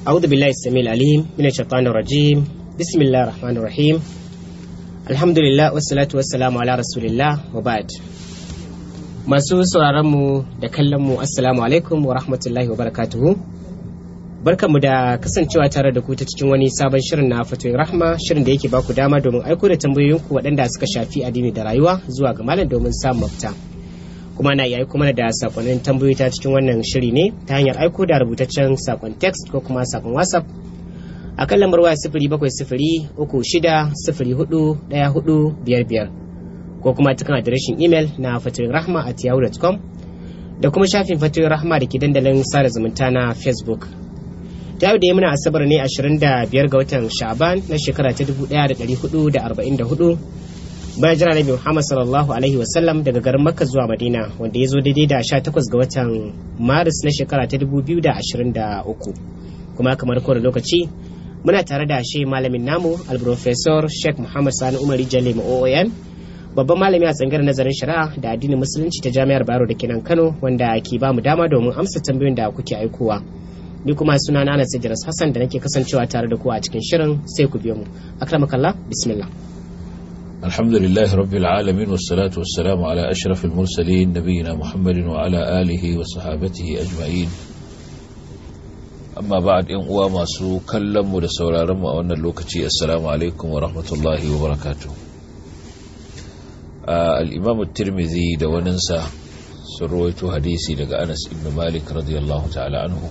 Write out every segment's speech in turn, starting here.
أعوذ بالله السميع العليم من الشيطان الرجيم بسم الله الرحمن الرحيم الحمد لله والصلاة والسلام على رسول الله وبعد masu sauraronmu da kallonmu assalamu alaikum wa rahmatullahi wa barakatuhu barkanmu da kasancewa tare da ku ta cikin wani sabon shirin na fatoyin rahma shirin da yake baku dama domin aiko da tambayoyinku waɗanda suka shafi addini da rayuwa zuwa ga malam domin samun mafita. kuma na iya kuma da sakonnin tambayoyi ta cikin wannan shiri ne ta hanyar aiko da rubutaccen sakon text ko kuma sakon whatsapp a kan lambar waya sifiri bakwai sifiri uku shida sifiri hudu daya hudu biyar biyar ko kuma ta kan adireshin imel na fatirin rahma at yahoo.com da kuma shafin fatirin rahma da ke dandalin sada zumunta na facebook ta yau da ya muna asabar ne 25 ga watan Shaban na shekara ta 1444 bayan jira nabi Muhammad sallallahu alaihi wasallam daga garin Makka zuwa Madina wanda ya zo daidai da 18 ga watan Maris na shekara ta 2023 kuma kamar kowane lokaci muna tare da shi malamin namu al-professor Sheikh Muhammad Sani Umar Jalle OON babban malami a tsangar nazarin shari'a da addinin musulunci ta jami'ar Bayero da kenan Kano wanda ke ba mu dama domin amsa tambayoyin da kuke aikowa. ni kuma suna na Anas Hassan da nake kasancewa tare da ku a cikin shirin sai ku biyo mu akramakallah bismillah الحمد لله رب العالمين والصلاة والسلام على أشرف المرسلين نبينا محمد وعلى آله وصحابته أجمعين أما بعد إن أواما سو كلم ودسولا رمى أن اللوكتي السلام عليكم ورحمة الله وبركاته آه الإمام الترمذي دوننسى سرويت حديثي لقى أنس بن مالك رضي الله تعالى عنه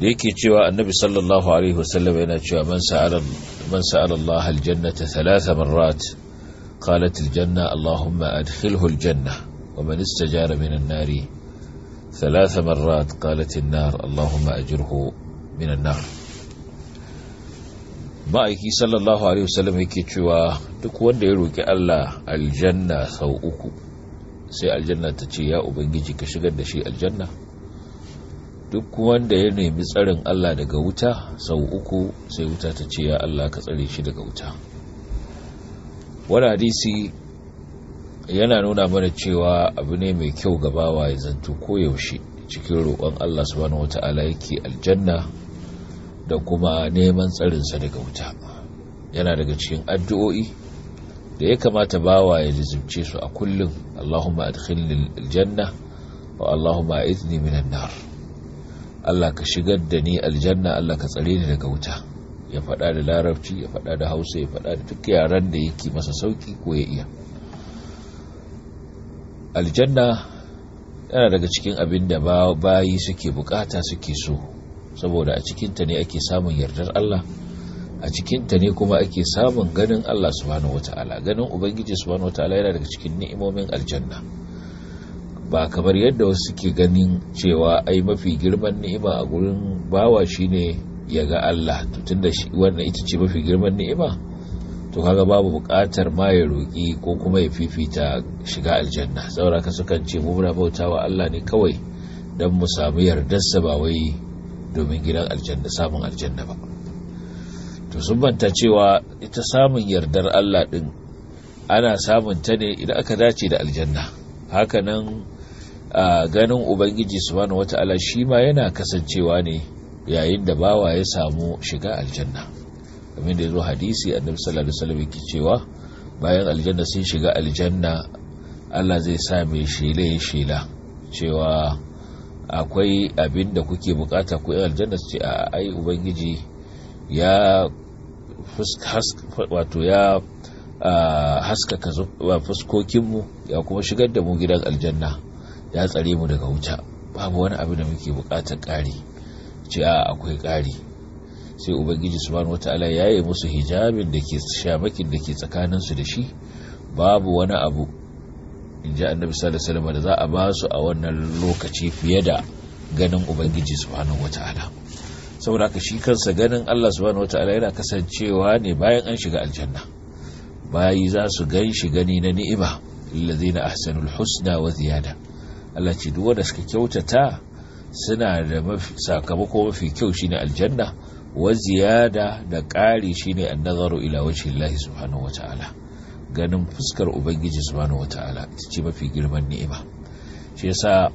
da yake cewa annabi sallallahu alaihi wasallam yana cewa man sa'ala man sa'ala Allah aljannata thalatha marrat qalat aljanna Allahumma adkhilhu aljanna wa man istajara min an-nari thalatha marrat qalat an-nar Allahumma ajirhu min an-nar ma'aiki sallallahu alaihi wasallam yake cewa duk wanda ya roki Allah aljanna sau uku sai aljanna ta ce ya ubangiji ka shigar da shi aljanna duk wanda ya nemi tsarin Allah daga wuta sau uku sai wuta ta ce ya Allah ka tsare shi daga wuta wani hadisi yana nuna mana cewa abu ne mai kyau ga bawa ya zanto koyaushe cikin roƙon Allah subhanahu wata'ala yake aljanna da kuma neman tsarinsa daga wuta yana daga cikin addu'o'i da ya kamata bawa ya jizimce su a kullum Allahumma adkhilni aljanna wa Allahumma izni minan nar Allah ka shigar da ni aljanna Allah ka tsare ni daga wuta ya faɗa da larabci ya faɗa da hausa ya faɗa da duk yaran da yake masa sauki ko ya iya aljanna yana daga cikin abin da bayi suke bukata suke so saboda a cikinta ne ake samun yardar Allah a cikinta ne kuma ake samun ganin Allah subhanahu wata'ala ganin ubangiji subhanahu wata'ala yana daga cikin ni'imomin aljanna ba kamar yadda wasu ke ganin cewa ai mafi girman ni'ima a gurin bawa shine ya ga Allah to tunda shi wannan ita ce mafi girman ni'ima to kaga babu buƙatar ma ya roƙi ko kuma ya fifita shiga aljanna saboda ka sukan ce mu muna bautawa Allah ne kawai dan mu samu yardarsa ba wai domin gidan aljanna samun aljanna ba to sun cewa ita samun yardar Allah din ana samun ta ne idan aka dace da aljanna hakanan a ganin ubangiji subhanahu ala shi ma yana kasancewa ne yayin da bawa ya samu shiga aljanna kamar da yazo hadisi annabi sallallahu alaihi wasallam yake cewa bayan aljanna sun shiga aljanna Allah zai sa mai shela ya shela cewa akwai abin da kuke bukata ku yi aljanna su ce a ai ubangiji ya wato ya haskaka fuskokinmu ya kuma shigar da mu gidan aljanna ya tsare mu daga wuta babu wani abu da muke bukatar kari ce a akwai kari sai ubangiji subhanahu wataala ya yi musu hijabin da ke shamakin da ke tsakaninsu da shi babu wani abu in ji annabi sallallahu alaihi da za a ba su a wannan lokaci fiye da ganin ubangiji subhanahu wataala saboda haka shi kansa ganin Allah subhanahu wataala yana kasancewa ne bayan an shiga aljanna bayi za su gan shi gani na ni'ima lillazina ahsanul husna wa ziyada Allah ce duk wanda suka kyautata suna da sakamako mafi kyau shine aljanna wa ziyada da ƙari shine annazaru ila wajhi Allah subhanahu wataala ganin fuskar ubangiji subhanahu wataala ita ce mafi girman ni'ima shi yasa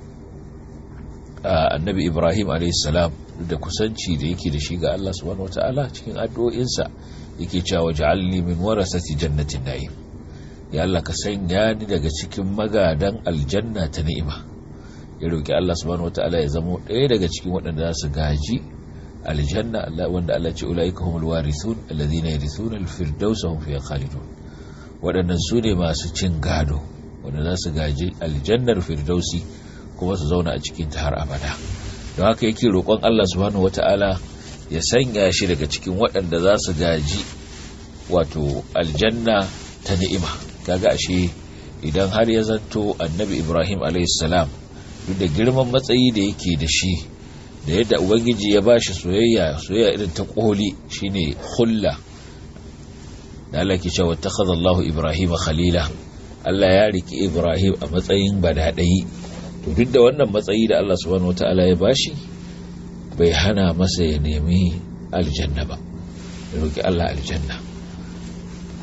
annabi Ibrahim alayhi salam da kusanci da yake da shi ga Allah subhanahu wataala cikin addu'o'insa yake cewa waj'alni min warasati jannatin na'im ya Allah ka sanya ni daga cikin magadan aljanna ta ni'ima ya roki Allah subhanahu wataala ya zamo ɗaya daga cikin waɗanda za su gaji aljanna Allah wanda Allah ce ulaika humul warithun alladhina yarithuna alfirdausa hum fiha khalidun waɗannan su ne masu cin gado wanda za su gaji aljannar firdausi kuma su zauna a cikin ta har abada don haka yake roƙon Allah subhanahu wataala ya sanya shi daga cikin waɗanda za su gaji wato aljanna ta ni'ima kaga ashe idan har ya zanto annabi ibrahim salam duk da girman matsayi da yake da shi da yadda ubangiji ya ba shi soyayya soyayya irin ta koli shine hulla da Allah ke cewa takhadha Allahu Ibrahim khalila Allah ya riki Ibrahim a matsayin badadai to duk da wannan matsayi da Allah subhanahu wataala ya bashi bai hana masa ya nemi aljanna ba ya roki Allah aljanna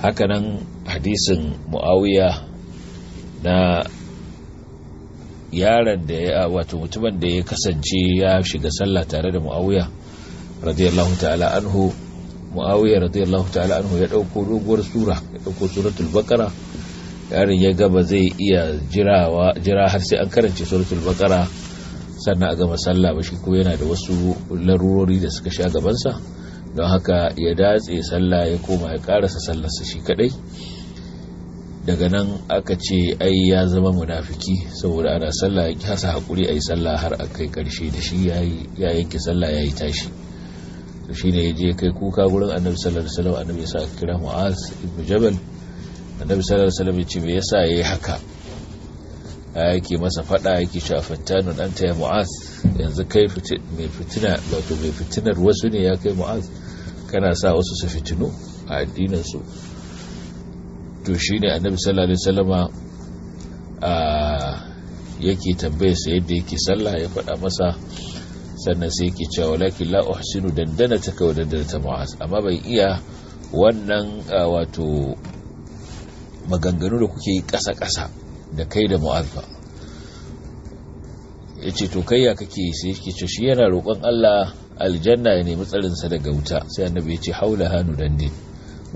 hakanan hadisin mu'awiya na yaron da ya wato mutumin da ya kasance ya shiga sallah tare da mu'awiya radiyallahu ta'ala anhu mu'awiya radiyallahu ta'ala anhu ya dauko doguwar sura ya dauko suratul baqara yaron ya gaba zai iya jirawa jira har sai an karance suratul baqara sannan a gama sallah ba shi ko yana da wasu larurori da suka sha gabansa don haka ya datse sallah ya koma ya karasa sallarsa shi kadai daga nan aka ce ai ya zama munafiki saboda ana sallah ya kasa hakuri ai sallah har a kai karshe da shi ya yanke sallah ya yi tashi to shine ya je kai kuka gurin annabi sallallahu alaihi wasallam annabi sa kira mu'az ibn jabal annabi sallallahu alaihi wasallam ya ce me yasa yayi haka yake masa fada yake cewa nan anta ya mu'az yanzu kai mai fitina wato mai fitinar wasu ne ya kai mu'az kana sa wasu su fitinu a addininsu To shi ne annabi sallallahu alaihi wasallama a yake tambaye sa yadda yake sallah ya faɗa masa sannan sai yake cewa walakin la uhsinu dandana ta kai dandana ta mu'az amma bai iya wannan wato maganganu da kuke yi ƙasa-ƙasa da kai da mu'az ba ya ce to kayya kake sai yake ce shi yana roƙon Allah aljanna ya nemi tsarinsa daga wuta sai annabi ya ce haula hanu dande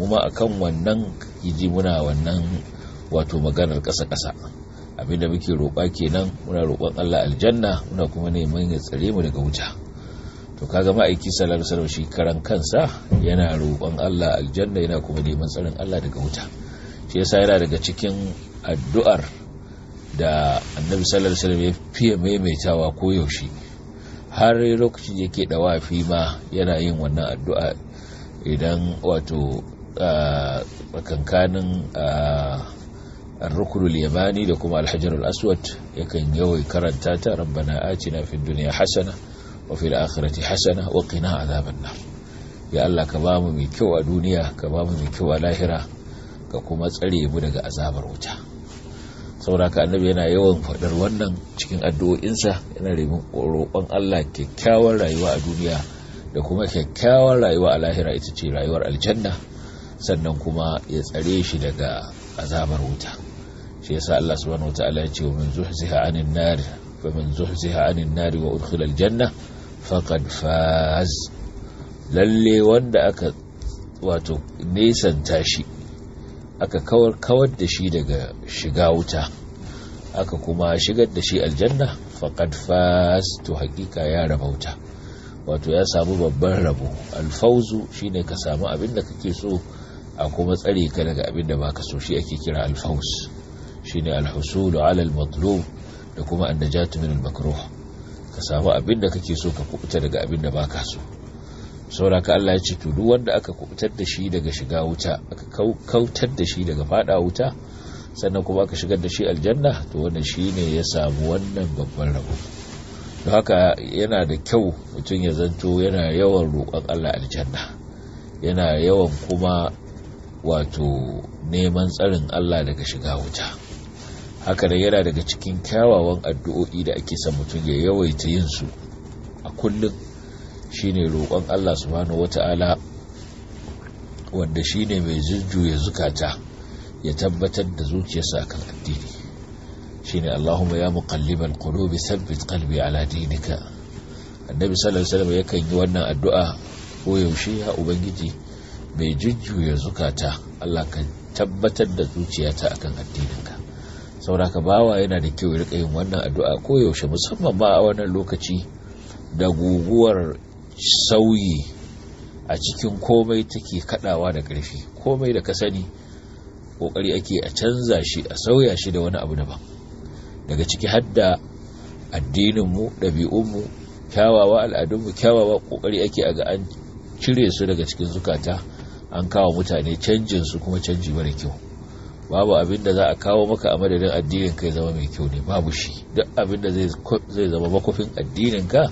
mu ma akan wannan kiji muna wannan wato maganar ƙasa ƙasa da muke roƙa kenan muna roƙon Allah aljanna muna kuma neman ya tsare mu daga wuta to kaga ma'aiki sallallahu alaihi shi karan kansa yana roƙon Allah aljanna yana kuma neman tsarin Allah daga wuta shi yasa yana daga cikin addu'ar da annabi sallallahu ya fiye maimaitawa ko koyaushe, har lokacin yake da wafi ma yana yin wannan addu'a idan wato a kankanin ar-rukru yamani da kuma al-hajar ya aswad yakan yawai karanta ta rabbana atina fid dunya hasana wa fil akhirati hasana wa qina adhabannar ya allah ka bamu mai kyau a duniya ka bamu mai kyau a lahira ka kuma tsare mu daga azabar wuta sauraka annabi yana yawan faɗar wannan cikin addu'o'insa yana roƙon Allah kyakkyawar rayuwa a duniya da kuma kyakkyawar rayuwa a lahira ita ce rayuwar aljanna sannan kuma ya tsare shi daga azabar wuta shi yasa Allah subhanahu wataala ya ce wa min zuhziha anin nar min zuhziha anin nar wa udkhila aljanna faqad faz lalle wanda aka wato nesanta shi aka kawar kawar da shi daga shiga wuta aka kuma shigar da shi aljanna faqad fas to hakika ya raba wuta wato ya samu babban rabo alfauzu shine ka samu abin da kake so a kuma tsare ka daga abin da baka so shi ake kira alfauz shine alhusul ala almatlub da kuma annajatu min almakruh ka samu abin da kake so ka kubuta daga abin da baka so Saura ka Allah ya ce to duk wanda aka kubutar da shi daga shiga wuta aka kautar da shi daga fada wuta sannan kuma aka shigar da shi aljanna to wannan shine ya samu wannan babban rabo don haka yana da kyau mutum ya zanto yana yawan roƙon Allah aljanna yana yawan kuma wato neman tsarin Allah daga shiga wuta haka da yana daga cikin kyawawan addu'o'i da ake son mutum ya yawaita yin su a kullum shine roƙon Allah subhanahu wata'ala wanda shine mai jujjuya zukata ya tabbatar da zuciyarsa kan addini shine Allahumma ya muqallibal qulubi thabbit qalbi ala dinika annabi sallallahu alaihi wasallam yakan yi wannan addu'a ko yaushe ya ubangiji mai jujjuya zukata Allah ka tabbatar da zuciyata akan addininka sauraka bawa yana da kyau rika yin wannan addu'a ko yaushe musamman ma a wannan lokaci da guguwar sauyi a cikin komai take kadawa da ƙarfi komai da ka sani ƙoƙari ake a canza shi a sauya shi da wani abu daban daga ciki hadda addininmu ɗabi'unmu kyawawa al'adunmu kyawawa ƙoƙari ake a ga an cire su daga cikin zukata an kawo mutane canjin su kuma canji mara kyau babu abin da za a kawo maka a madadin addinin kai zama mai kyau ne babu shi duk abin da zai zama makofin addinin ka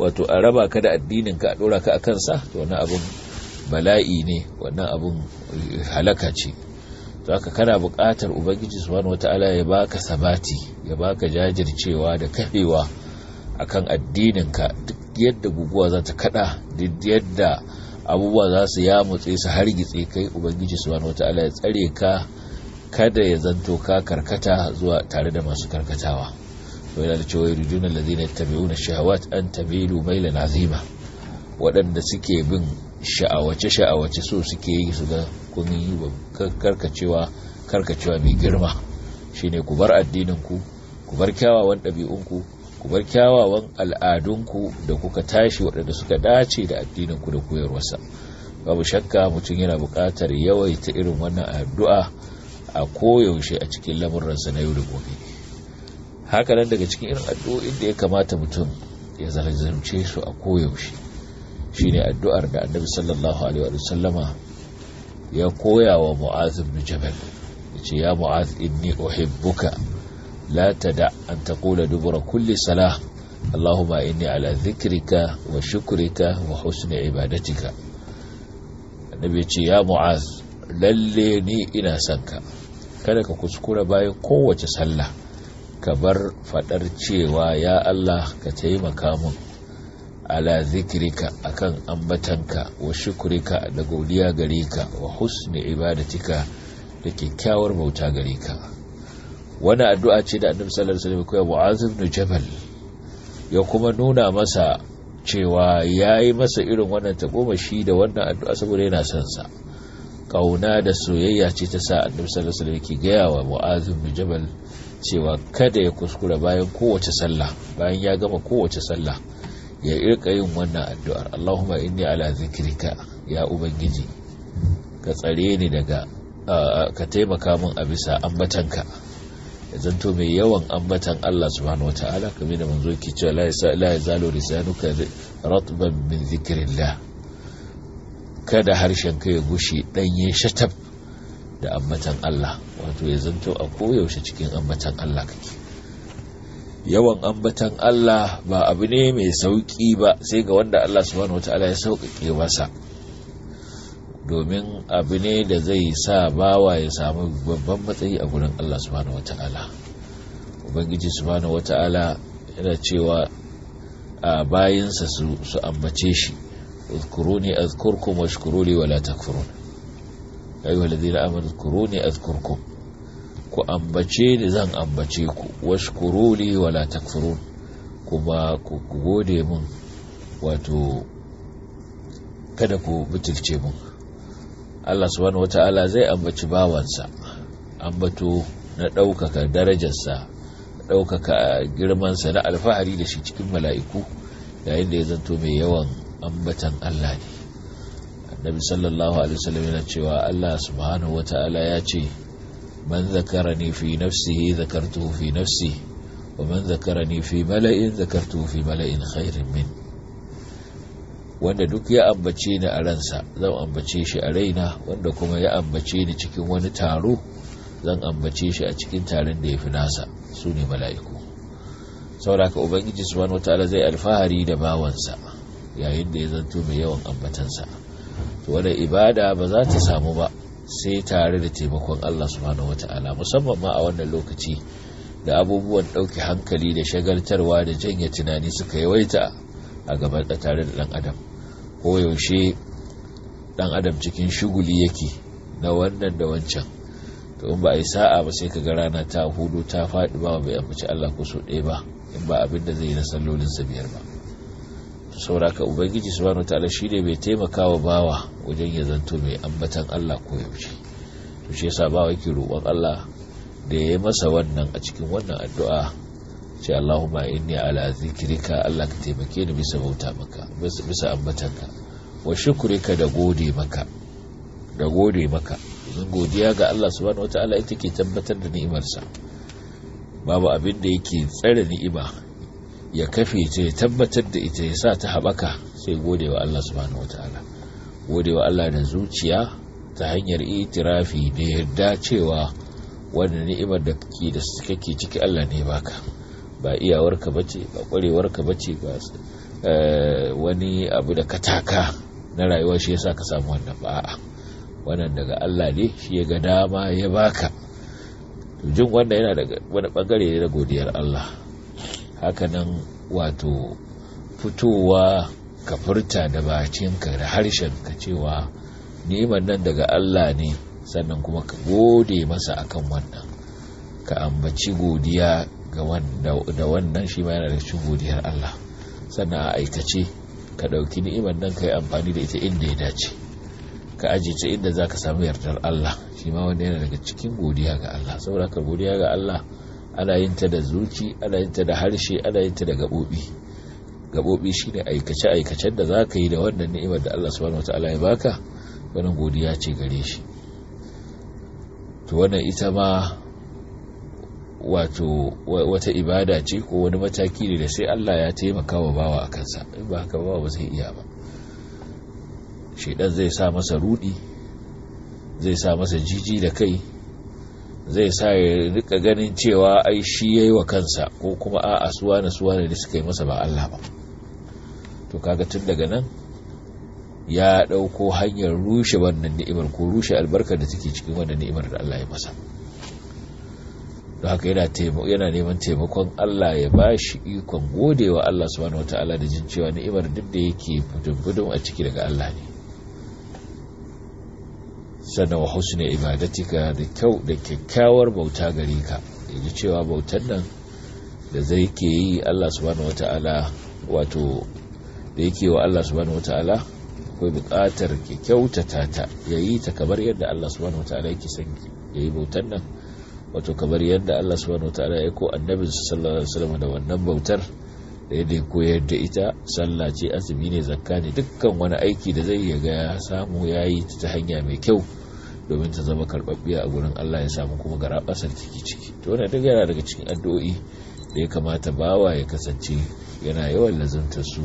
wato a raba ka da addinin ka a dora ka akan sa to wannan abun bala'i ne wannan abun halaka ce to haka kana buƙatar ubangiji subhanahu wataala ya baka sabati ya baka jajircewa da kafewa akan addinin ka duk yadda guguwa za ta kada duk yadda abubuwa za su yamutse su hargitse kai ubangiji subhanahu wataala ya tsare ka kada ya zanto ka karkata zuwa tare da masu karkatawa to yana da cewa yuridun allazina yattabi'una shahawat an tabilu mailan azima waɗanda suke bin sha'awace sha'awace so suke yi su ga kun yi karkacewa karkacewa mai girma shine ku bar addinin ku ku bar kyawawan ɗabi'unku ku bar kyawawan al'adunku da kuka tashi waɗanda suka dace da addinin ku da koyarwarsa babu shakka mutum yana buƙatar yawaita irin wannan addu'a a koyaushe a cikin lamurransa na yau da gobe haka nan daga cikin irin addu'o'in da ya kamata mutum ya zarzarce su a koyaushe shine addu'ar da annabi sallallahu alaihi wa sallama ya koya wa mu'az ibn jabal yace ya mu'az inni uhibbuka la tada an taqula dubura kulli salah allahumma inni ala dhikrika wa shukrika wa husni ibadatika annabi yace ya mu'az lalle ni ina sanka kada ka kuskura bayan kowace sallah ka bar faɗar cewa ya Allah ka taimaka mun ala a akan ambatanka wa shukurika da godiya gare ka wa husni ibadatika da kyakkyawar bauta gare ka wani addu'a ce da annabi sallallahu alaihi wasallam ya wa ibn Jabal ya kuma nuna masa cewa yayi masa irin wannan ta, tagomashi da wannan addu'a saboda yana son sa kauna da soyayya ce ta sa annabi sallallahu alaihi wasallam gaya wa Mu'az Jabal cewa kada ya kuskura bayan kowace sallah bayan ya gama kowace sallah ya irka yin wannan addu'ar Allahumma inni ala zikrika ya ubangiji ka tsare ni daga ka taimaka min a bisa ambatanka ya zanto mai yawan ambatan Allah subhanahu ta'ala kamar da manzo yake cewa la yazalu lisanuka ratban min zikrillah kada harshen ka ya gushi danye shatab da ambatan Allah wato ya zanto a koyaushe cikin ambatan Allah kake yawan ambatan Allah ba abu ne mai sauƙi ba sai ga wanda Allah subhanahu wata'ala ya sauƙaƙe masa domin abu ne da zai sa bawa ya samu babban matsayi a gurin Allah subhanahu wata'ala ubangiji subhanahu wata'ala yana cewa a bayinsa su ambace shi uzkuruni azkurkum washkuruli wala takfurun ya yi na amur kuro ne a ku ambace ni zan ambace ku wasu kuro ne wala takfurun kuma ku gode mun wato kada ku mutilce mun Allah subhanahu wata'ala zai ambaci bawansa ambato na ɗaukaka darajarsa ɗaukaka girmansa na alfahari da shi cikin mala'iku yayin da ya zanto mai yawan ambatan Allah ne nabi sallallahu alaihi wasallam yana cewa Allah subhanahu wataala ya ce man zakarani fi nafsihi zakartuhu fi nafsi wa man zakarani fi mala'in zakartuhu fi mala'in khairin min wanda duk ya ambace ni a ransa zan ambace shi a raina wanda kuma ya ambace ni cikin wani taro zan ambace shi a cikin taron da ya fi nasa su ne mala'iku sauraka ubangiji subhanahu wataala zai alfahari da bawansa yayin da ya zanto mai yawan ambatansa to ibada ba za ta samu ba sai tare da taimakon Allah subhanahu wata'ala musamman ma a wannan lokaci da abubuwan ɗauke hankali da shagaltarwa da janye tunani suka yawaita a gaban tare da ɗan adam Ko yaushe ɗan adam cikin shuguli yake na wannan da wancan to in ba a yi sa'a ba sai ka ga rana ta hudu ta faɗi ba bai amfaci Allah ko so ɗaya ba in ba abin da zai yi na sallolin sa biyar ba sauraka ubangiji subhanahu ta'ala shine mai wa bawa wajen ya zanto mai ambatan Allah ko yaushe to shi yasa bawa yake roƙon Allah da ya yi masa wannan a cikin wannan addu'a ce Allahumma inni ala zikrika Allah ka taimake ni bisa bauta maka bisa ka wa shukrika da gode maka da gode maka zan godiya ga Allah subhanahu wataala ita ke tabbatar da ni'imarsa babu abin da yake tsare ni'ima ya kafe ta ya tabbatar da ita ya sa ta haɓaka sai gode wa Allah subhanahu wataala gode wa Allah da zuciya ta hanyar itirafi da yarda cewa wanda ni'imar da kake da kake ciki Allah ne baka ba iyawarka bace ba ba bace ba eh, wani abu da kataka na rayuwa shi yasa ka samu wannan ba a'a wannan daga Allah ne shi ya ga dama ya baka jin wanda yana daga wani bangare ne na godiyar Allah hakanan wato fitowa ka furta da ka da harshen ka cewa neman nan daga Allah ne sannan kuma ka gode masa akan wannan ka ambaci godiya ga da wannan shi ma yana da cikin godiyar Allah sannan a aikace ka ɗauki ni'imar nan ka yi amfani da ita inda ya dace ka aje ta inda za ka samu yardar Allah shi ma wanda yana daga cikin godiya ga Allah saboda ka godiya ga Allah ana yin ta da zuci ana yin ta da harshe ana yin ta da gabobi gabobi shine aikace aikacen da zaka yi da wannan ni'imar da Allah subhanahu wataala ya baka wannan godiya ce gare shi to wannan ita ma wato wata ibada ce ko wani mataki ne da sai Allah ya taimaka wa bawa a kansa in ba haka bawa ba zai iya ba shedan zai sa masa rudi zai sa masa jiji da kai zai sa ya rika ganin cewa ai shi yayi wa kansa ko kuma a suwa na suwa da suka yi masa ba Allah ba to kaga tun daga nan ya ɗauko hanyar rushe wannan ni'imar ko rushe albarkar da take cikin wannan ni'imar da Allah ya masa don haka yana neman taimakon Allah ya ba shi ikon godewa Allah subhanahu wataala da jin cewa ni'imar duk da yake fudun a ciki daga Allah ne sannan wa husni ibadatika da kyau da kyakkyawar bauta gare ka yaji cewa bautar nan da zai ke yi Allah subhanahu wata'ala wato da yake wa Allah subhanahu wata'ala akwai buƙatar ki kyautata ta yayi ta kamar yadda Allah subhanahu wata'ala yake son yayi bautar nan wato kamar yadda Allah subhanahu wata'ala ya ko annabin sallallahu alaihi wasallam da wannan bautar da ya koyar da ita sallah ce azumi ne zakka ne dukkan wani aiki da zai ya ga samu yayi ta hanya mai kyau domin ta zama karbabbiya a gurin Allah ya samu kuma garaɓasar ciki ciki to wannan duk yana daga cikin addu'o'i da ya kamata bawa ya kasance yana yawan lazumta su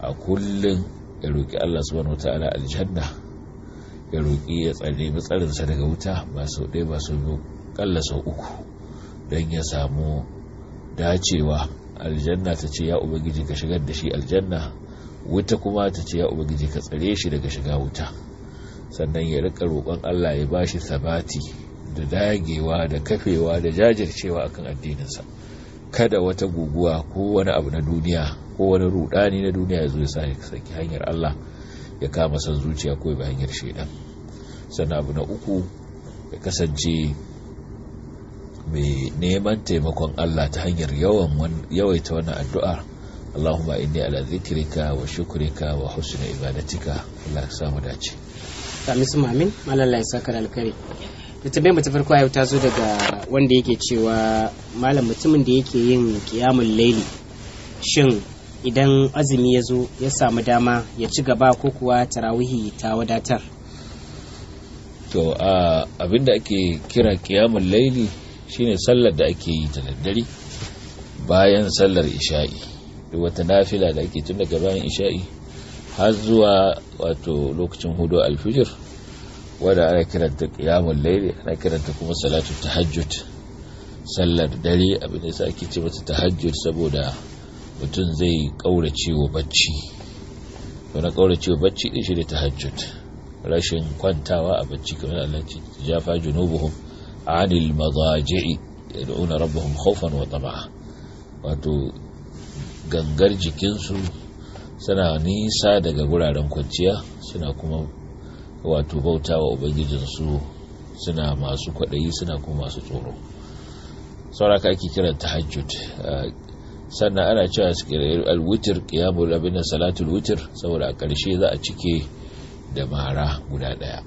a kullun ya roƙi Allah subhanahu wataala aljanna ya roƙi ya tsare sa daga wuta ba sau ɗaya ba sau biyu ƙalla sau uku don ya samu dacewa aljanna ta ce ya ubangiji ka shigar da shi aljanna wuta kuma ta ce ya ubangiji ka tsare shi daga shiga wuta sannan ya rika roƙon Allah ya bashi sabati da dagewa da kafewa da jajircewa akan addininsa kada wata guguwa ko wani abu na duniya ko wani rudani na duniya ya zo ya saki hanyar Allah ya kama san zuciya ko ba hanyar shaidan sannan abu na uku ya kasance mai neman taimakon Allah ta hanyar yawan yawaita wannan addu'a Allahumma inni ala zikrika wa shukrika wa husni ibadatika Allah ya samu dace Samisu Mamin Malam Sakar Alkari. Da tambayar mu ta farko yau ta zo daga wanda yake cewa malam mutumin da yake yin kiyamun laili shin idan azumi ya zo ya samu dama ya ci gaba ko kuwa tarawihi ta wadatar. To abinda ake kira kiyamun laili shine sallar da ake yi ta daddare bayan sallar isha'i wata nafila da ake tun daga bayan isha'i har zuwa wato lokacin hudu alfijir wadda ana kiranta kiyamun laili ana kiranta kuma salatu tahajjud sallar dare abin da ake ce mata tahajjud saboda mutum zai kaurace wa bacci wani kaurace wa bacci din shi da tahajjud rashin kwantawa a bacci kamar Allah ce jafa junubuhum anil madaji'i yad'una rabbahum khawfan wa tama'a wato gangar jikinsu suna nisa daga guraren kwanciya suna kuma wato bauta wa ubangijinsu suna masu kwaɗayi suna kuma masu tsoro sauraka ake kiran ta tahajjud ah, sannan ana cewa alwitir qiyamul abin da salatul witir saboda a ƙarshe za a cike da mara guda ɗaya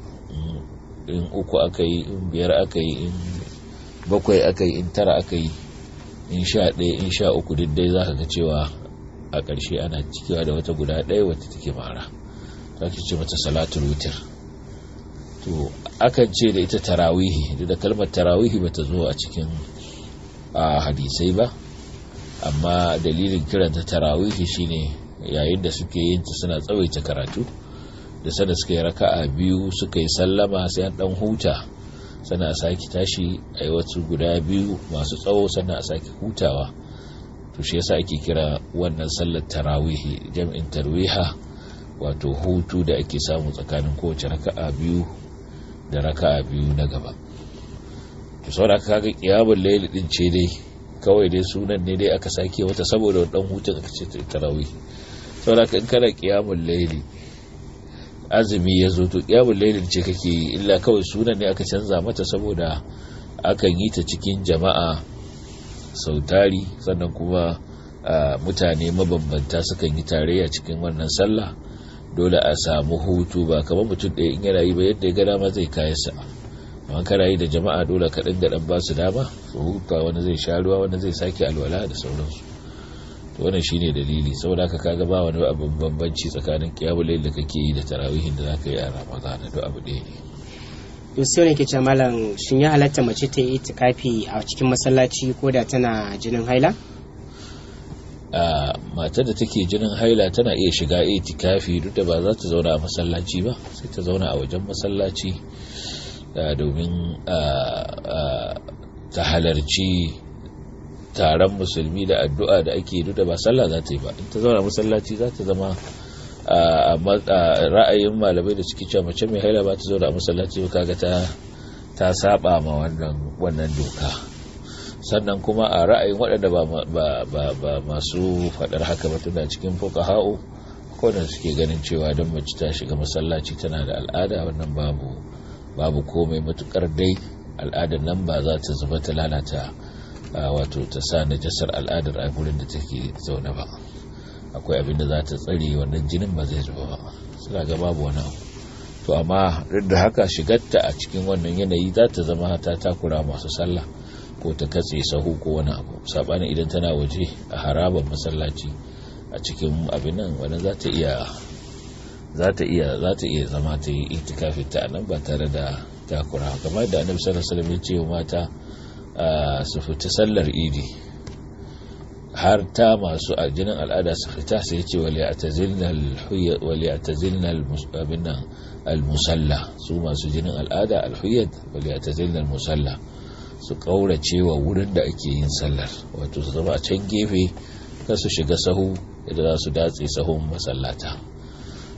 in uku aka yi in biyar aka yi in bakwai aka yi in tara aka yi in sha ɗaya in sha uku duk dai za ka ga cewa a ƙarshe ana cikewa da wata guda ɗaya wata take mara ta ke ce mata salatul witir to akan ce da ita tarawihi da da kalmar tarawihi bata zo a cikin hadisai ba amma dalilin kiran kiranta tarawihi shine yayin da suke yin ta suna tsawaita karatu da sada suka yi raka'a biyu suka yi sallama sai an dan huta sana a sake tashi a yi wasu guda biyu masu tsawo sana a sake hutawa to shi yasa ake kira wannan sallar tarawihi jam'in tarwiha wato hutu da ake samu tsakanin kowace raka'a biyu da raka'a biyu na gaba to saboda kaga qiyamul layl din ce dai kawai dai sunan ne dai aka sake wata saboda wannan hutun aka ce tarawih saboda in kana qiyamul layl azumi ya zo to kiyamul laylin ce kake yi illa kawai sunan ne aka canza mata saboda akan yi ta cikin jama'a sautari sannan kuma mutane mabambanta sukan yi tarayya cikin wannan sallah dole a samu hutu ba kamar mutum ɗaya in yana yi ba yadda ya ga dama zai kaya sa amma kana yi da jama'a dole kaɗan da ɗan ba su dama su huta wani zai sha ruwa wani zai sake alwala da sauransu to wannan shine dalili saboda haka kaga ba wani abin bambanci tsakanin qiyamul da kake yi da tarawihin da zaka yi a ramadana duk abu ɗaya ne yusuf ne ke ce malam shin ya halatta mace ta yi itikafi a cikin masallaci ko da tana jinin haila a matar da take jinin haila tana iya shiga itikafi duk da ba za ta zauna a masallaci ba sai ta zauna a wajen masallaci domin ta halarci taron musulmi da addu'a da ake duk da ba sallah za ta yi ba in ta zauna masallaci za ta zama ra'ayin malamai da suke cewa mace mai haila ba ta zo da masallaci ba kaga ta ta saba ma wannan wannan doka sannan kuma a ra'ayin waɗanda ba masu faɗar haka ba tunda cikin ha'u ko da suke ganin cewa don mace ta shiga masallaci tana da al'ada wannan babu babu komai matukar dai al'adar nan ba za ta zuba ta lalata wato ta sa najasar al'adar a gurin da take zaune ba akwai abin da za ta tsare wannan jinin ba zai zuba ba suna ga babu wani abu to amma duk da haka shigarta a cikin wannan yanayi za ta zama ta takura masu sallah ko ta katse sahu ko wani abu sabanin idan tana waje a harabar masallaci a cikin abin nan wannan za ta iya za ta iya za ta iya zama ta yi itikafi ta nan ba tare da takura kamar da annabi sallallahu alaihi wasallam ya ce mata ah, su fita sallar idi har ta masu aljinin al'ada su fita sai ya ce waliyatazilna al-musalla su masu jinin al'ada al-huyyad waliyatazilna al-musalla su kaurace wurin da ake yin sallar wato su zama a can gefe ka su shiga sahu idan za su datse sahun masallata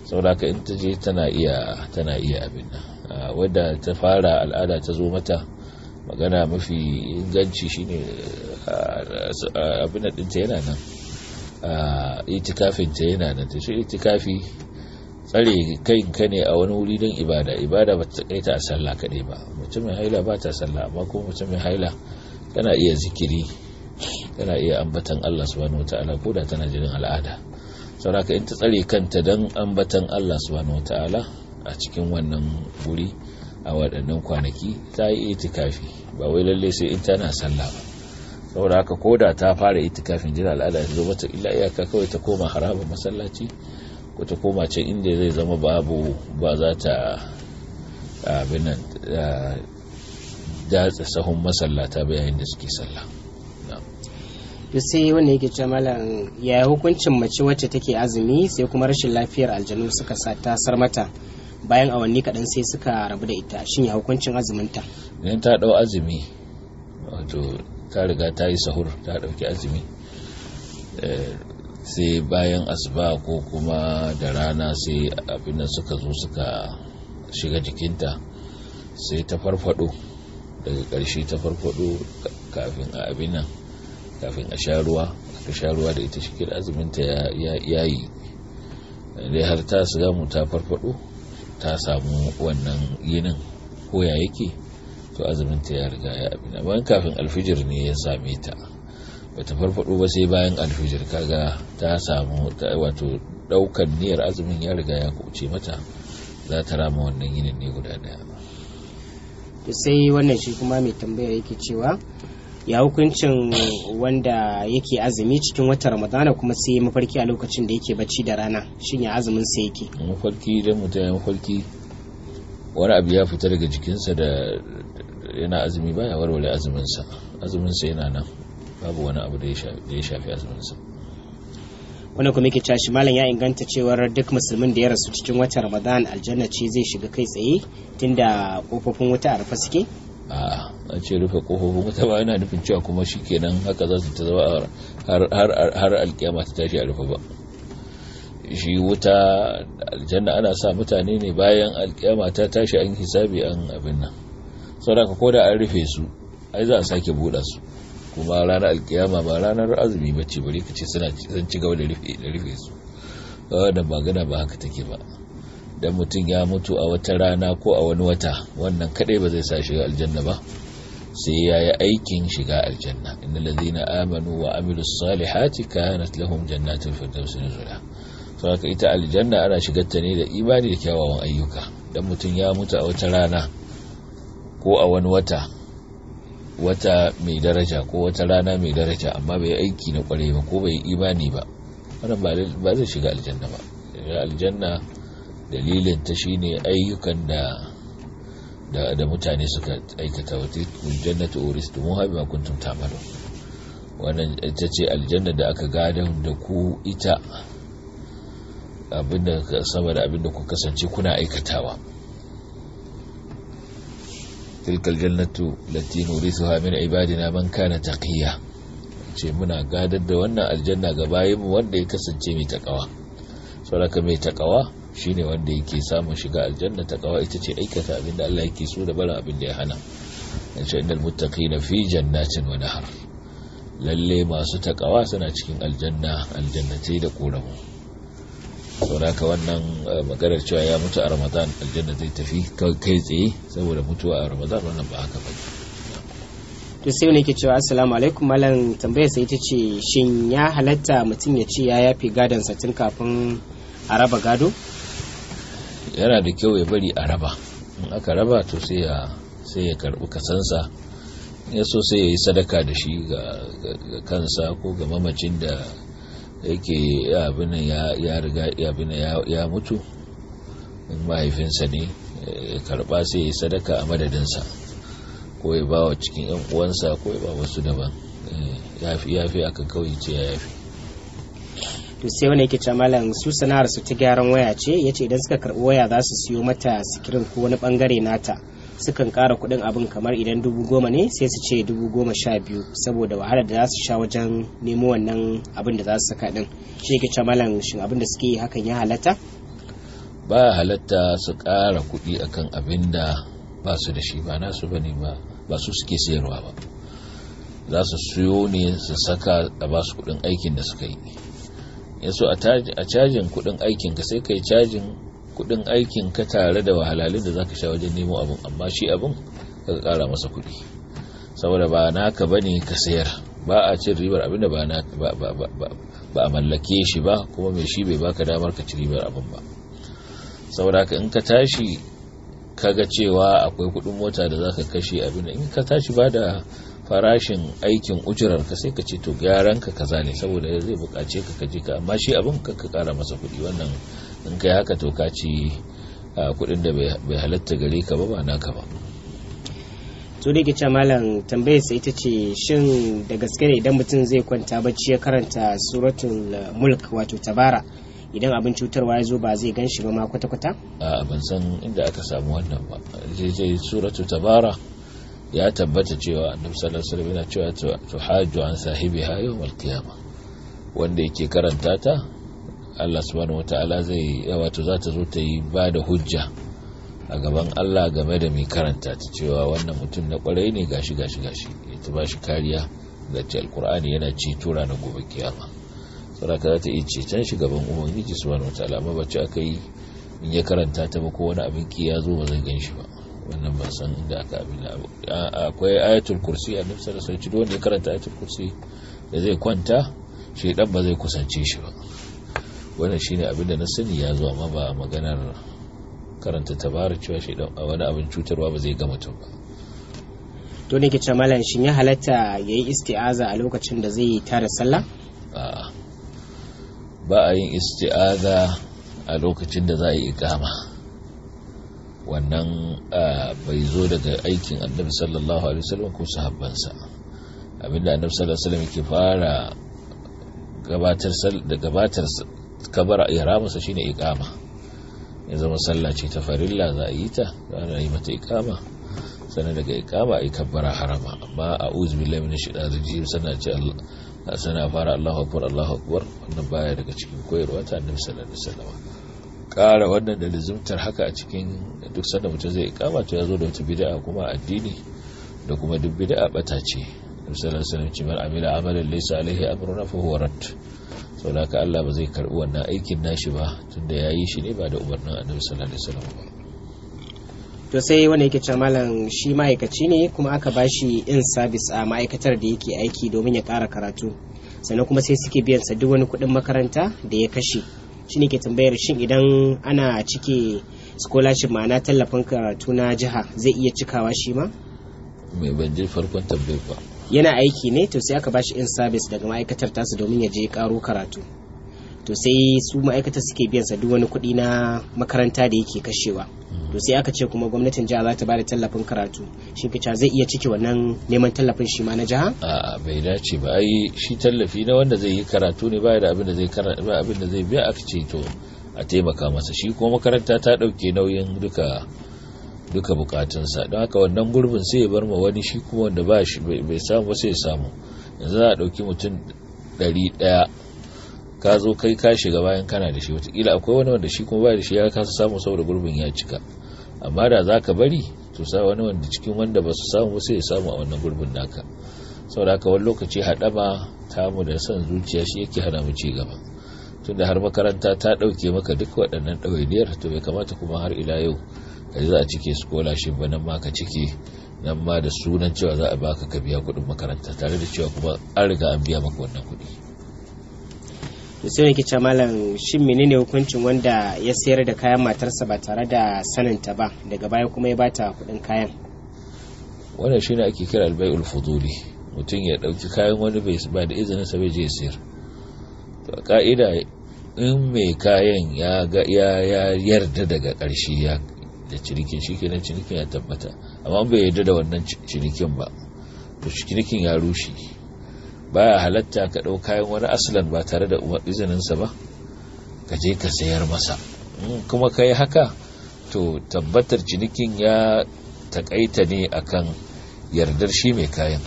saboda in ta je tana iya abin nan ah, wadda ta fara al'ada ta zo mata magana mafi inganci shine abin ɗinta yana nan itikafinta yana nan ta shi itikafi tsare kai ka ne a wani wuri don ibada ibada ba ta kaita a sallah kaɗai ba mutum mai haila ba ta sallah amma kuma mutum mai haila tana iya zikiri tana iya ambatan Allah subhanahu wataala ko da tana jirin al'ada sauraka in ta tsare kanta don ambatan Allah subhanahu wataala a cikin wannan wuri a waɗannan kwanaki ta yi itikafi ba wai lalle sai in tana sallah ba saboda haka ko da ta fara itikafin jira al'ada ta zo mata illa iyaka kawai ta koma haraba masallaci ko ta koma ce inda zai zama babu ba za ta abin da datsa sahun masallata bayan da suke sallah to sai wanda yake ce malam ya hukuncin mace wacce take azumi sai kuma rashin lafiyar aljanu suka sa tasar mata bayan awanni kaɗan sai suka rabu da ita shin ya hukuncin azuminta idan ta ɗau azumi wato ta riga ta yi sahur ta ɗauki azumi eh, sai bayan asuba ko kuma da rana sai abin da suka zo suka shiga jikinta sai ta farfado daga ƙarshe ta farfado kafin a abin nan kafin a sha ruwa aka sha da ita shikin azuminta ya yi dai har ta siga mu ta farfado ta samu wannan yinin ko ya yake to azumin ta ya riga ya abin bayan kafin alfijir ne ya same ta bata farfado ba sai bayan alfijir kaga ta samu ta wato daukan niyyar azumin ya riga ya kuce mata za ta rama wannan yinin ne guda daya sai wannan shi kuma mai tambaya yake cewa ya hukuncin wanda yake azumi cikin watan ramadana kuma sai ya mafarki a lokacin da yake bacci da rana shin ya azumin sa yake mafarki idan mutum ya mafarki wani abu ya fita daga jikinsa da yana azumi ba ya warware azuminsa azuminsa yana nan babu wani abu da ya shafi azuminsa wannan kuma yake tashi malam ya inganta cewar duk musulmin da ya rasu cikin watan ramadan aljanna ce zai shiga kai tsaye tunda kofofin wuta a rufe suke a an ce rufe kofofin wata ba yana nufin cewa kuma shi kenan haka za su ta zama har alkiyama ta tashi a rufe ba shi wuta aljanna ana sa mutane ne bayan alkiyama ta tashi an hisabi an abin nan saboda ko da an rufe su ai za a sake buɗa su kuma ranar alkiyama ba ranar azumi ba ce bari ka ce suna ci gaba da rufe su da magana ba haka take ba idan mutum ya mutu a wata rana ko a wani wata wannan kadai ba zai sa shiga aljanna ba sai ya yi aikin shiga aljanna inna lazina amanu wa amilu salihati kanat lahum jannatul firdaus nuzula so haka ita aljanna ana shigar ta ne da imani da kyawawan ayyuka dan mutum ya mutu a wata rana ko a wani wata wata mai daraja ko wata rana mai daraja amma bai aiki na kwarai ba ko bai imani ba wannan ba zai shiga aljanna ba aljanna dalilin ta shine ayyukan da da, da mutane suka aikata wata jannatu mu bima kuntum tamalu wannan ita ce aljanna da aka gada da ku ita abinda saboda abinda ku kasance kuna aikatawa tilka aljannatu lati nurithuha min ibadina man kana taqiya ce muna gadar da wannan aljanna ga bayinmu wanda ya kasance mai takawa saboda mai takawa shine wanda yake samun shiga aljanna ta kawa ita ce aikata abinda Allah yake so da barin abin da ya hana insha innal muttaqin fi jannatin wa nahar lalle masu takawa suna cikin aljanna aljannatai da koramu ka wannan eh, magana cewa ya mutu a ramadan aljanna zai tafi kai tsaye saboda mutuwa a ramadan wannan ba haka bane to sai ne ke cewa assalamu alaikum mallan tambayar sai ita ce shin ya halatta mutum ya ce ya yafi gadon sa tun kafin a raba gado yana da kyau ya bari a raba in aka raba to sai ya sai karbi kasansa ya so sai ya yi sadaka da shi ga kansa ko ga mamacin da yake abinan ya riga abinan ya mutu in mahaifinsa ne ya karba sai ya yi sadaka a madadinsa ko ya ba wa cikin yan uwansa ko ya ba wasu daban eh, ya fi ya fi kawai ce ya fi to sai wani yake cewa su sana'ar su ta gyaran waya ce ya ce idan suka karbi waya za su siyo mata sikirin ko wani bangare nata sukan ƙara kuɗin abin kamar idan dubu goma ne sai su ce dubu goma sha biyu saboda wahala da za su sha wajen nemo wannan abin da za su saka din shi ke malam shin abin da suke yi hakan ya halatta ba halatta su ƙara kuɗi akan abin da ba su da shi ba nasu bane ba ba su suke sayarwa ba za su siyo ne su saka a ba su kuɗin aikin da suka yi ya so a cajin kudin aikinka sai ka cajin kudin ka tare da wahalalin da zaka sha wajen nemo abin amma shi abin ka kara masa kudi saboda ba naka bane ka sayar ba a cin ribar abin da ba a mallake shi ba kuma mai shi bai baka damar ka ci ribar abin ba saboda ka in ka tashi kaga cewa akwai kudin mota da zaka kashe abin in ka tashi ba da farashin aikin ujurar ka sai ka ce to gyaran ka kaza ne saboda zai bukace ka kaji ka amma shi abin ka ka kara masa kuɗi wannan in kai haka to ka ci kuɗin da bai halatta gare ka ba ba naka ba to da ce malam tambayar sai ita ce shin da gaske ne idan mutum zai kwanta bacci ya karanta suratul mulk wato tabara idan abin cutarwa ya zo ba zai gan shi ba ma kwata-kwata? a ban san inda aka samu wannan ba zai suratul tabara ya tabbata cewa annabi sallallahu alaihi wasallam yana cewa tuhaju an sahibiha yawmal qiyamah wanda yake karanta ta Allah subhanahu wataala zai wato za ta zo ta yi ba da hujja a gaban Allah game da mai karanta ta cewa wannan mutum na kwarai ne gashi gashi gashi ita ba shi kariya da ce alkur'ani yana tura na gobe kiyama ka za ta iya can shi gaban ubangiji subhanahu wataala amma ba ce aka yi in ya karanta ta ba ko wani abin ki ya zo ba zai gan shi ba wannan ban san inda aka abin akwai ayatul kursi a nufsa da sai duk wanda ya karanta ayatul kursi da zai kwanta shi dan ba zai kusance shi ba wannan shine abin da na sani ya zuwa ma ba maganar karanta tabarar cewa shi dan wani abin cutarwa ba zai ga mutum ba to ne ke ce malam shin ya halatta yayi isti'aza a lokacin da zai tara sallah ba a yin isti'aza a lokacin da za a yi ikama wannan bai zo daga aikin annabi sallallahu alaihi wasallam ko sahabbansa abinda annabi sallallahu alaihi wasallam yake fara gabatar da gabatar kabara ihramusa shine iqama ya zama sallah ce ta farilla za a yi ta za a yi mata iqama sannan daga iqama ai kabbara harama amma a a'udhu billahi minash shaitanir rajim sannan ce Allah sana fara Allahu akbar Allahu akbar wannan baya daga cikin koyarwa ta annabi sallallahu alaihi wasallam kara wannan da lizimtar haka a cikin duk sanda mutum zai kama to ya zo da wata bida'a kuma addini da kuma duk bid'a bata ce misalan sanin cimar amila amalan laysa alaihi amruna fa huwa Allah ba zai karbi wannan aikin nashi ba tunda yayi shi ne ba da umarnin annabi sallallahu alaihi wasallam to sai wanda yake cewa malam shi ma'aikaci ne kuma aka bashi in sabis a ma'aikatar da yake aiki domin ya kara karatu sannan kuma sai suke biyan sa duk wani kuɗin makaranta da ya kashe ne ke tambayar shin idan ana cike scholarship ma'ana tallafin karatu na jiha zai iya cikawa shi ma mai ban je farkon tambayar ba yana aiki ne to sai aka bashi in service daga ma'aikatar tasu domin ya je karo karatu to sai su ma'aikata suke biyan sa duk wani kuɗi na makaranta da yake kashewa to sai aka ce kuma gwamnatin jiha za ta bada tallafin karatu shi kica zai iya ciki wannan neman tallafin shi ma na jiha a bai dace ba ai shi tallafi na wanda zai yi karatu ne baya da abin da zai karatu abin da zai biya aka ce to a taimaka masa shi kuma makaranta ta dauke nauyin duka duka bukatunsa don haka wannan gurbin sai ya bar ma wani shi kuma wanda ba shi bai samu ba sai ya samu yanzu za a dauki mutum ɗari ɗaya ka zo kai ka shiga bayan kana da shi watakila akwai wani wanda shi kuma ba da shi ya kasa samu saboda gurbin ya cika amma da za ka bari to sa wani wanda cikin wanda ba su samu sai ya samu a wannan gurbin naka saboda haka wani lokaci haɗama tamu da son zuciya shi yake hana mu ci gaba tun da har makaranta ta ɗauke maka duk waɗannan ɗawainiyar to bai kamata kuma har ila yau ka za a cike scholarship ba nan ma ka cike nan ma da sunan cewa za a baka ka biya kuɗin makaranta tare da cewa kuma an riga an biya maka wannan kuɗi sai yake ce malam shin menene hukuncin wanda ya sayar da kayan matarsa ba tare da saninta ba daga baya kuma ya bata kudin kayan wannan shine ake kira albai fuduli mutum ya ɗauki kayan wani bai ba da izinin sa bai je sayar to ka'ida in mai kayan ya ga ya yarda daga karshe ya da cinikin shi kenan cinikin ya tabbata amma bai yarda da wannan cinikin ba to cinikin ya rushe baya halatta ka ɗau kayan wani asalan ba tare da izinin sa ba ka je ka sayar masa kuma ka yi haka to tabbatar cinikin ya takaita ne akan yardar shi mai kayan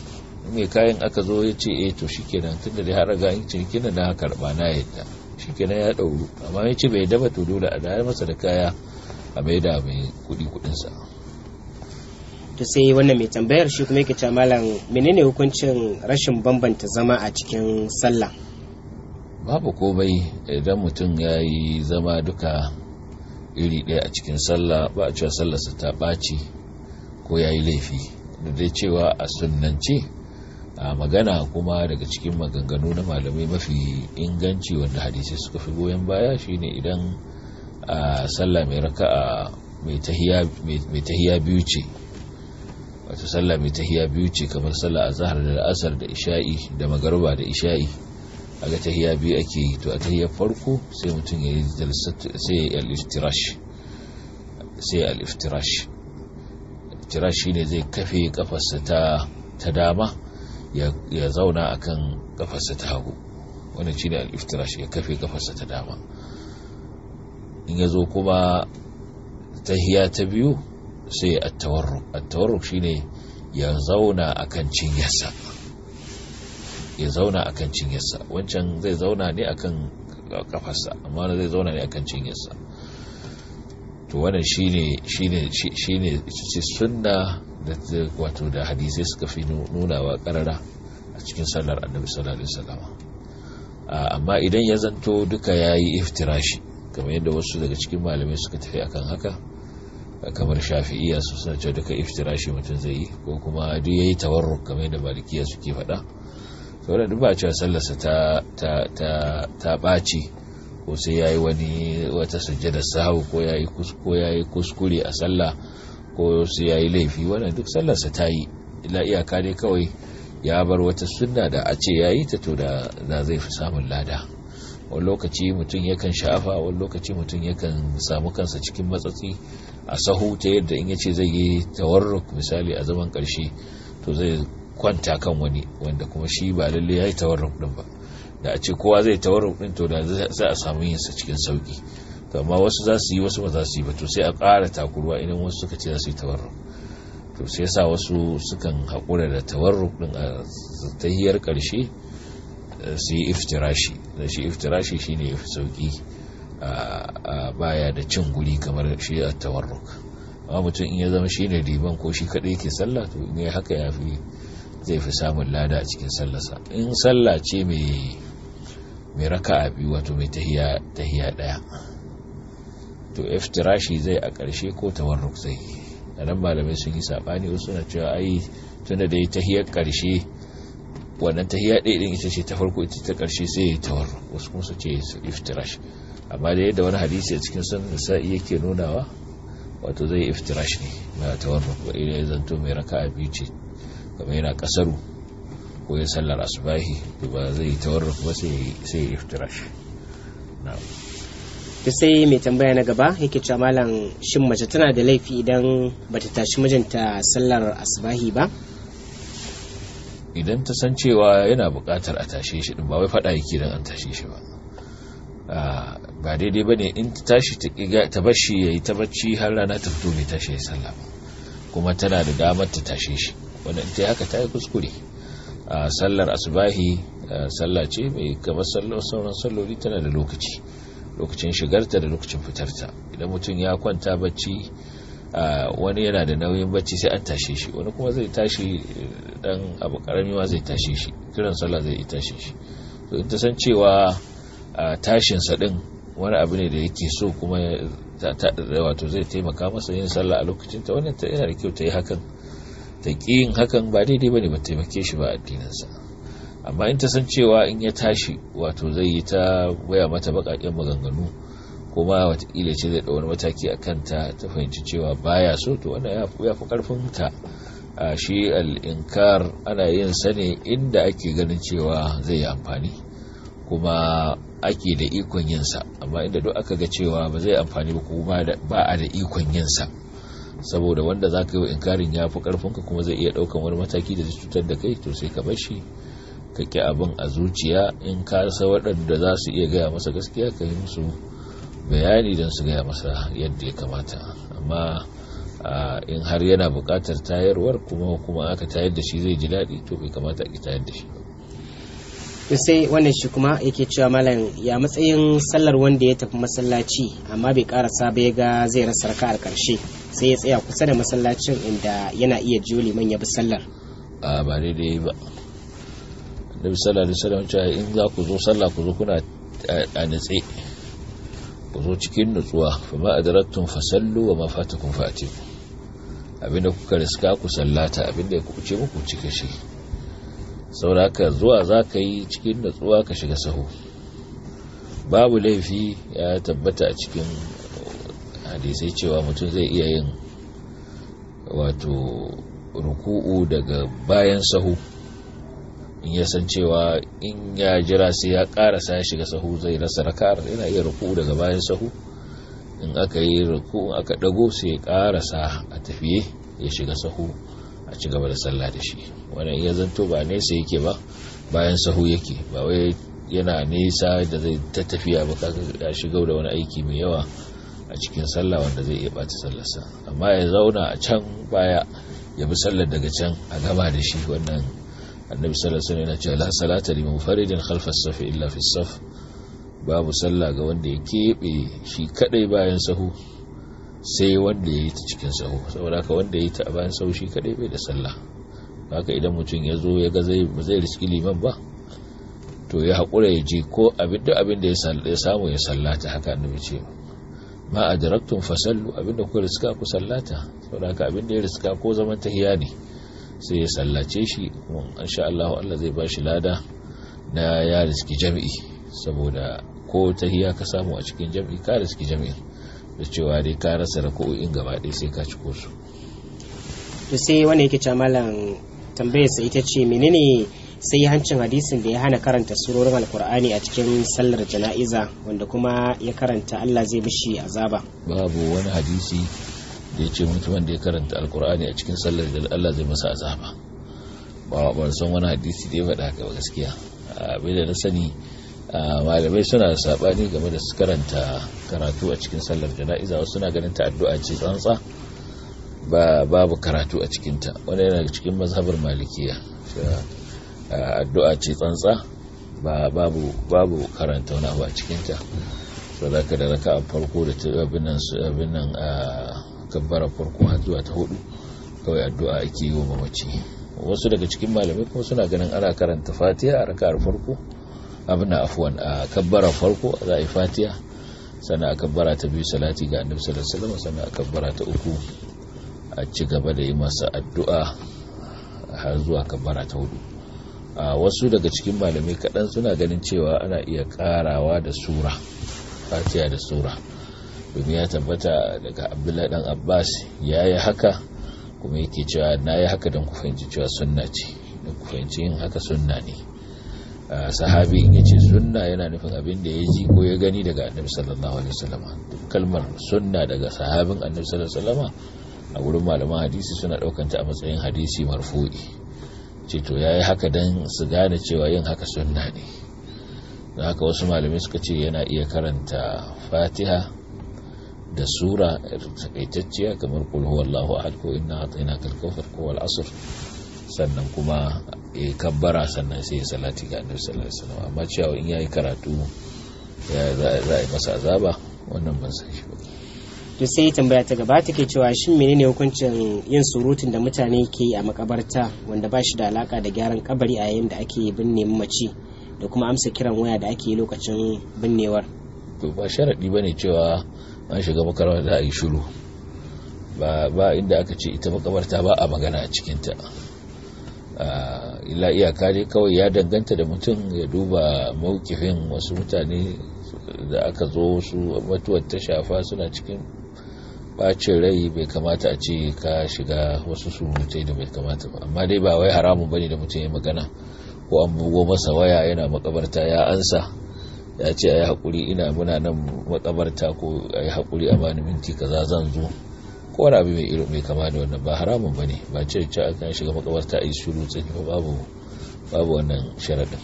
mai kayan aka zo ya ce eh to shikenan tunda dai har ga cinikin na karba na yadda shikenan ya dauru amma ya ce bai daba to dole a daya masa da kaya a maida mai kudi kudin sa to sai wannan mai tambayar shi kuma yake cewa malam menene hukuncin rashin bambanta zama a cikin sallah babu komai idan mutum ya yi zama duka iri ɗaya a cikin sallah ba a cewa sallarsa ta ɓaci ko ya yi laifi da dai cewa a sunnance a magana kuma daga cikin maganganu na malamai mafi inganci wanda hadisai suka fi goyon baya shine idan a sallah mai raka'a mai tahiya biyu ce wato sallah mai tahiya biyu ce kamar sallah zahar da asar da isha'i da magarba da isha'i ga tahiya biyu ake yi to a tahiyar farko sai mutum ya yi sai al-iftirash sai al-iftirash iftirash shine zai kafe kafarsa ta ta dama ya zauna akan kafarsa ta hagu wannan shine al-iftirash ya kafe kafarsa ta dama in ya zo kuma tahiya ta biyu sai attawarruk attawarruk shine ya zauna akan cinyarsa ya zauna akan cinyarsa wancan zai zauna ne akan kafarsa amma zai zauna ne akan cinyarsa to wannan shine shine shine sunna da wato da hadisai suka fi nunawa karara a cikin sallar annabi sallallahu alaihi amma idan ya zanto duka yayi iftirashi kamar yadda wasu daga cikin malamai suka tafi akan haka kamar shafi'iya su suna cewa duka iftirashi mutum zai yi ko kuma duk yayi tawarruk kamar da malikiya suke faɗa saboda duk ba cewa sallarsa ta ta ɓaci ko sai yayi wani wata sujjada sahu ko yayi yi kuskure a sallah ko sai yayi laifi wannan duk sallarsa ta yi ila iyaka ne kawai ya bar wata sunna da a ce yayi ta to da na zai fi samun lada wani lokaci mutum yakan sha'afa wani lokaci mutum yakan samu kansa cikin matsatsi a sahu ta yadda in yace zai yi tawarruk misali a zaman karshe to zai kwanta kan wani wanda kuma shi ba lalle ya yi tawarruk din ba da a ce kowa zai tawarruk din to da za a samu yin sa cikin sauki to amma wasu za su yi wasu ba za su yi ba to sai a ƙara takurwa idan wasu suka ce za su yi tawarruk to sai yasa wasu sukan haƙura da tawarruk din a tahiyar ƙarshe eh, su yi iftirashi da shi iftirashi shine sauki baya da cin guri kamar shi a tawarruk amma mutum in ya zama shi ne liban ko shi kaɗai ke sallah to in ya haka ya fi zai fi samun lada a cikin sallasa in sallah ce mai raka a biyu wato mai tahiya ɗaya to iftirashi zai a karshe ko tawarruk zai a nan malamai sun yi saɓani wasu na cewa ai tunda da ya tahiyar ƙarshe wannan tahiya ɗaya ɗin ita ce ta farko ita ta ƙarshe sai ya tawarruk wasu kuma su ce iftirashi amma da yadda wani hadisi a cikin sun nisa'i yake nunawa wato zai iftirash ne na ta warfa ko ya zanto mai raka a biyu ce kuma yana kasaru ko ya sallar asubahi to ba zai tawarruf ba sai ya iftirash ta sai mai tambaya na gaba yake cewa malam shin mace tana da laifi idan ba ta tashi mijinta sallar asubahi ba idan ta san cewa yana buƙatar a tashe shi din ba wai faɗa yake dan an tashe shi ba ah, ba daidai ba ne in ta tashi ta bashi ya yi ta bacci har rana ta fito ne tashi ya sallah ba kuma tana da damar ta tashe shi wanda in ta haka ta yi kuskure a sallar asubahi sallah ce mai kamar sauran salloli tana da lokaci lokacin shigarta da lokacin fitarta idan mutum ya kwanta bacci wani yana da nauyin bacci sai an tashe shi wani kuma zai tashi dan abu karami ma zai tashe shi kiran sallah zai tashe shi to in ta san cewa tashinsa din wani abu ne da yake so kuma wato zai taimaka masa yin sallah a lokacin ta wannan yana da kyau ta yi hakan ta ƙi yin hakan ba daidai ba ne ba taimake shi ba addininsa amma in ta san cewa in ya tashi wato zai yi ta waya mata baƙaƙen maganganu kuma watakila ce zai wani mataki a kan ta ta fahimci cewa baya so to wannan ya fi ƙarfin ta a shi al'inkar ana yin sa inda ake ganin cewa zai yi amfani kuma ake da ikon yinsa amma inda duk aka ga cewa ba zai amfani ba kuma ba a da ikon yinsa saboda wanda za ka yi inkarin ya fi karfinka kuma zai iya daukan wani mataki da zai cutar da kai to sai ka bar shi ka ki abin a zuciya in ka waɗanda za su iya gaya masa gaskiya ka yi musu bayani don su gaya masa yadda ya kamata amma in har yana buƙatar tayarwar kuma kuma aka tayar da shi zai ji daɗi to bai kamata a ki tayar da shi sai wannan shi kuma yake cewa malam ya matsayin sallar wanda ya tafi masallaci amma bai karasa ba ya ga zai rasa raka a karshe sai ya tsaya kusa da masallacin inda yana iya jiyo liman ya bi sallar a ba daidai ba da bi sallar da sallar wancan in za ku zo sallar ku zo kuna a natse ku zo cikin nutsuwa fa ma adarattun fa sallu wa ma fatakum fa atiku abinda kuka riska ku sallata abinda ya kuce muku cike shi saurakar zuwa za ka yi cikin natsuwa ka shiga sahu babu laifi ya tabbata a cikin hadisai cewa mutum zai iya yin wato ruku'u daga bayan sahu in ya san cewa in ya jira sai ya karasa ya shiga sahu zai rasa rakar yana iya ruku'u daga bayan sahu in aka yi ruku'u aka dago sai ya karasa a tafiye ya shiga sahu a ci gaba da sallah da shi wannan iya zanto ba nesa yake ba bayan sahu yake ba wai yana nesa da zai ta tafiya ba kaga ya shiga da wani aiki mai yawa a cikin sallah wanda zai iya bata sallarsa amma ya zauna a can baya ya bi sallar daga can a gama da shi wannan annabi sallallahu alaihi na yana cewa la salata li munfaridin khalfa as illa fi saf babu sallah ga wanda ya keɓe shi kadai bayan sahu sai wanda ya yi ta cikin sahu saboda haka wanda ya yi ta a bayan sahu shi kadai bai da sallah haka idan mutum ya zo ya ga zai riski liman ba to ya haƙura ya je ko abin abin da ya samu ya sallata haka annabi ce ma a direktun fasallu abin da kuka riska ku sallata saboda haka abin da ya riska ko zaman tahiya ne sai ya sallace shi kuma insha Allah Allah zai ba shi lada na ya riski jami'i saboda ko tahiya ka samu a cikin jami'i ka riski jami'i da cewa dai ka rasa rako'o'in gaba ɗaya sai ka ci kosu to sai wani yake ce malam sa ita ce menene sai hancin hadisin da ya hana karanta surorin alkur'ani a cikin sallar jana'iza wanda kuma ya karanta Allah zai mishi azaba babu wani hadisi da ya ce mutumin da ya karanta alkur'ani a cikin sallar da Allah zai masa azaba ba ba san wani hadisi da ya faɗa haka ba gaskiya abin da na sani malamai suna da sabani game da su karanta karatu a cikin sallar jana'iza wasu suna ganin ta addu'a ce tsantsa ba babu karatu a cikinta wani yana cikin mazhabar malikiya addu'a ce tsantsa ba babu babu karanta wani abu a cikinta ka da raka a farko da ta abin nan a kabbara farko har zuwa ta hudu kawai addu'a ake yi wa mamaci wasu daga cikin malamai kuma suna ganin ana karanta fatiha a raka'ar farko abin afwan a kabbara farko za a yi fatiha sannan a kabbara ta biyu salati ga annabi sallallahu alaihi wasallam sannan a kabbara ta uku a ci gaba da yi masa addu'a har zuwa kabara ta hudu a wasu daga cikin malamai kaɗan suna ganin cewa ana iya ƙarawa da sura fatiha da sura domin ya tabbata daga abdullahi dan abbas ya yi haka kuma yake cewa na yi haka don ku cewa sunna ce don ku yin haka sunna ne sahabi in yace sunna yana nufin abin da ya ji ko ya gani daga annabi sallallahu alaihi wasallam kalmar sunna daga sahabin annabi sallallahu alaihi wasallam a wurin malaman hadisi suna ɗaukanta a matsayin hadisi marfu'i ce to yayi haka dan su gane cewa yin haka sunna ne da haka wasu malamai suka ce yana iya karanta fatiha da sura takaitacciya kamar kul huwallahu ahad ko inna atayna kalkafar ko wal asr sannan kuma ya kabbara sannan sai ya salati ga annabi sallallahu alaihi wasallam amma cewa in yayi karatu ya za a yi masa azaba wannan ban san shi ba to sai tambaya ta gaba take cewa shin menene hukuncin yin surutun da mutane ke yi a makabarta wanda ba shi da alaka da gyaran kabari a yayin da ake binne mace da kuma amsa kiran waya da ake yi lokacin binnewar to ba sharadi ba cewa an shiga makabarta za a yi shiru ba ba inda aka ce ita makabarta ba a magana a cikinta illa iyaka ne kawai ya danganta da mutum ya duba maukifin wasu mutane da aka zo su mutuwar ta shafa suna cikin bacin rai bai kamata a ce ka shiga wasu surutai da bai kamata ba amma dai ba wai haramun bane da mutum ya magana ko an bugo masa waya yana makabarta ya ansa ya ce ayi hakuri ina muna nan makabarta ko ayi hakuri a bani minti kaza zan zo ko wani abu mai iri mai kama da wannan ba haramun bane ba ce ce aka shiga makabarta ayi surutai ba babu babu wannan sharadin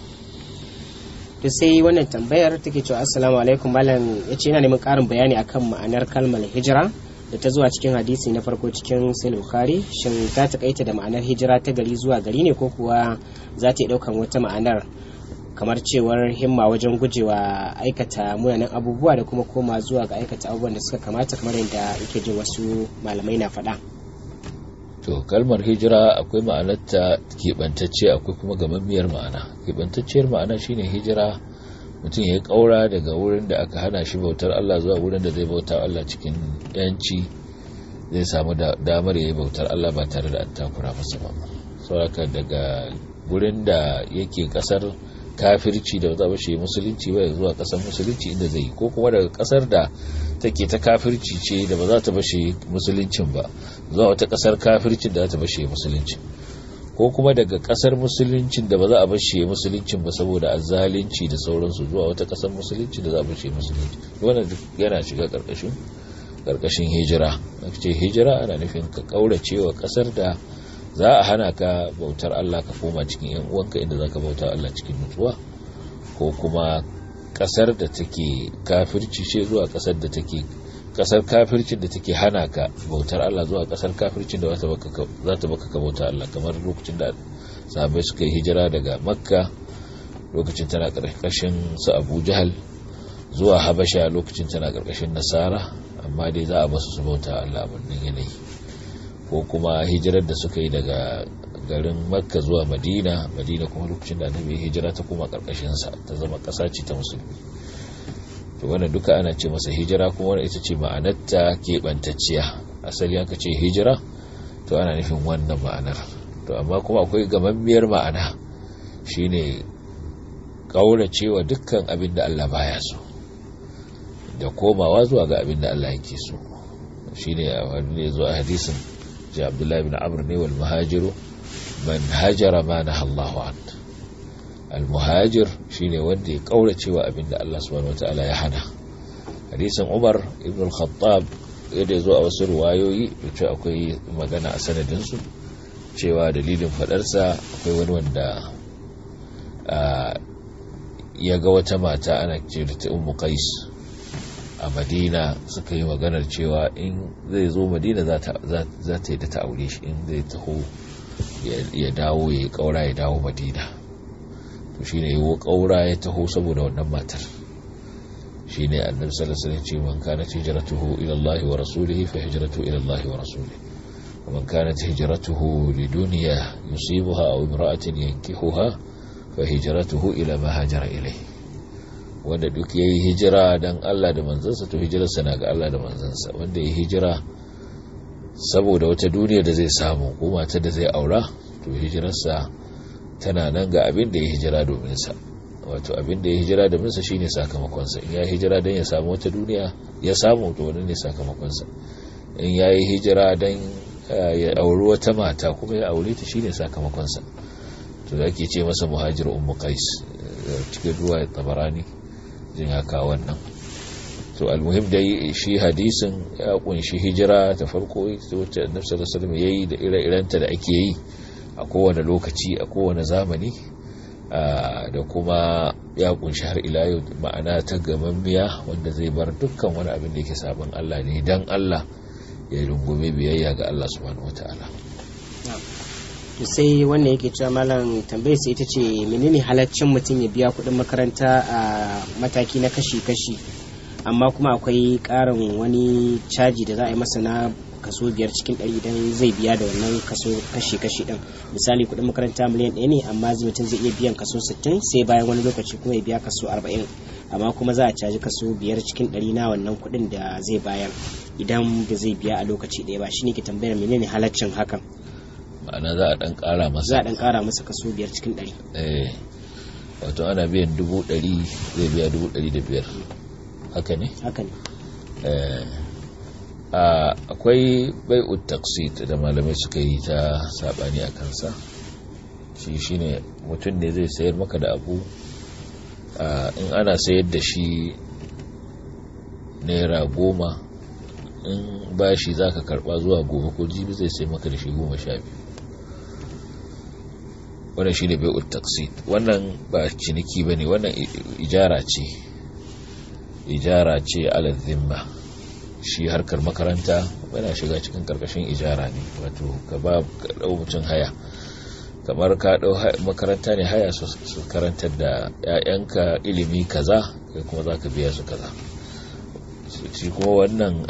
to sai wannan tambayar take cewa assalamu alaikum malam yace yana neman karin bayani akan ma'anar kalmar hijira da ta zuwa cikin hadisi na farko cikin sahih bukhari shin ta takaita da ma'anar hijira ta gari zuwa gari ne ko kuwa za ta yi daukan wata ma'anar kamar cewar himma wajen gujewa aikata munanan abubuwa da kuma koma zuwa ga aikata abubuwan da suka kamata kamar yadda yake jin wasu malamai na faɗa. to kalmar hijira akwai ma'anarta keɓantacce akwai kuma gamammiyar ma'ana keɓantacciyar ma'ana shine hijira mutum ya yi daga wurin da aka hana shi bautar Allah zuwa wurin da zai bauta Allah cikin yanci zai samu damar ya yi bautar Allah ba tare da an takura masa ba sauraka daga wurin da yake kasar kafirci da za shi musulunci ba zuwa ƙasar musulunci inda zai yi ko kuma daga kasar da take ta kafirci ce da ba za ta bashe musuluncin ba zuwa wata kasar kafirci da za ta bashe musuluncin ko kuma daga kasar musuluncin da ba za a bashe musuluncin ba saboda azalinci da sauransu zuwa wata kasar musulunci da za a bashe musulunci wannan yana shiga karkashin karkashin hijira ce hijira ana nufin ka kauracewa kasar da za a hana ka bautar Allah ka koma cikin yan uwanka inda zaka bauta Allah cikin mutuwa ko kuma kasar da take kafirci ce zuwa kasar da take kasar kafircin da take hana ka bautar Allah zuwa kasar kafircin da za ta baka ka bauta Allah kamar lokacin da sahabbai suka yi hijira daga makka lokacin tana karkashin su abu jahal zuwa habasha lokacin tana karkashin nasara amma dai za a basu su bauta Allah a wannan yanayi ko kuma hijirar da suka yi daga garin makka zuwa madina madina kuma lokacin da annabi hijira ta kuma karkashin sa ta zama kasa ce ta musulmi to wannan duka ana ce masa hijira kuma wannan ita ce ma'anarta keɓantacciya asali aka ce hijira to ana nufin wannan ma'anar to amma kuma akwai gamammiyar ma'ana shine kauracewa dukkan abin da Allah baya so da komawa zuwa ga abin da Allah yake so shine a wani zuwa hadisin ji Abdullahi bin Amr ne wal muhajiru man hajara ma nahallahu anhu al-muhajir shine wanda ya kaurace wa abinda Allah subhanahu wataala ya hana hadisin Umar ibn al-Khattab yadda zo a wasu ruwayoyi wacce akwai magana a sanadin su cewa dalilin fadarsa akwai wani wanda ya ga wata mata ana ce ta ummu qais a madina suka yi maganar cewa in zai zo madina za ta yi da ta aure shi in zai taho ya dawo ya yi kaura ya dawo madina to shine yawo ƙaura ya taho saboda wannan matar shine annabi sallallahu alaihi wasallam ce man kanat hijratuhu ila Allah wa rasulih fa hijratu ila Allah wa rasulih wa man kanat hijratuhu lidunya yusibuha aw imra'atin yankihuha fa hijratuhu ila ma hajara ilayhi wanda duk yayi hijira dan Allah da manzansa to hijirarsa na ga Allah da manzansa wanda yayi hijira saboda wata duniya da zai samu ko matar da zai aura to hijirarsa tana nan ga abin da ya hijira domin sa wato abin da ya hijira domin sa shine sakamakon sa in ya hijira don ya samu wata duniya ya samu to wani ne sakamakon sa in ya yi hijira don eh, ya auri wata mata kuma ya aure ta shine sakamakon sa to da ake ce masa muhajir ummu qais eh, cikin ruwa ya tabarani jin haka wannan to almuhim dai shi hadisin ya kunshi hijira ta farko ita wacce annabi sallallahu alaihi wasallam yayi da ire ta da ake yi a kowane lokaci a kowane zamani da kuma ya kunshi har ila yau ma'ana ta miya wanda zai bar dukkan wani abin da yake sabon Allah ne dan Allah ya rungume biyayya ga Allah subhanahu wataala to sai wannan yake cewa malam tambayar sai ita ce menene halaccin mutum ya biya kuɗin makaranta a mataki na kashi-kashi amma kuma akwai ƙarin wani caji da za a yi masa na kaso biyar cikin ɗari idan zai biya da wannan kaso kashi kashi ɗin misali kuɗin makaranta miliyan ɗaya ne amma mutum zai iya biyan kaso sittin sai bayan wani lokaci kuma ya biya kaso arba'in amma kuma za a caji kaso biyar cikin ɗari na wannan kuɗin da zai bayar idan ba zai biya a lokaci ɗaya ba shine ke tambayar menene halaccin hakan ma'ana za a ɗan ƙara masa za a ɗan ƙara masa kaso biyar cikin ɗari eh, wato ana biyan dubu ɗari zai biya dubu ɗari da biyar haka ne haka ne eh. akwai bai'ut taksi da malamai suka yi ta sabani a kansa shi shine mutum ne zai sayar maka da abu in ana sayar da shi naira goma in ba shi za ka karba zuwa goma ko jibi zai sai maka da shi goma sha biyu wannan shi ne bai'ut taqsid wannan ba ciniki ba ne wannan ijara ce ijara ce ala shi harkar makaranta yana shiga cikin karkashin ijara ne wato ka ba ka ɗau mutum haya kamar ka ɗau makaranta ne haya su karantar da ƴaƴanka ilimi kaza kai kuma za ka biya su kaza shi kuma wannan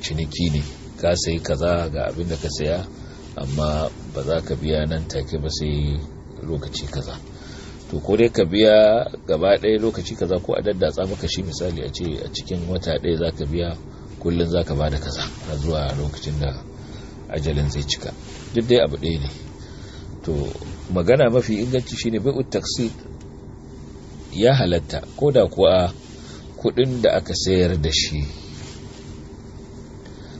ciniki ne ka sayi kaza ga abin da ka saya amma ba za ka biya nan take ba sai lokaci kaza to ko dai ka biya gaba ɗaya lokaci kaza ko a daddatsa maka shi misali a ce a cikin wata ɗaya za ka biya kullum za ka bada kaza a zuwa lokacin da ajalin zai cika duk dai abu ɗaya ne to magana mafi inganci shine bai'ut taksi ya halatta ko da kuwa kuɗin da aka sayar da shi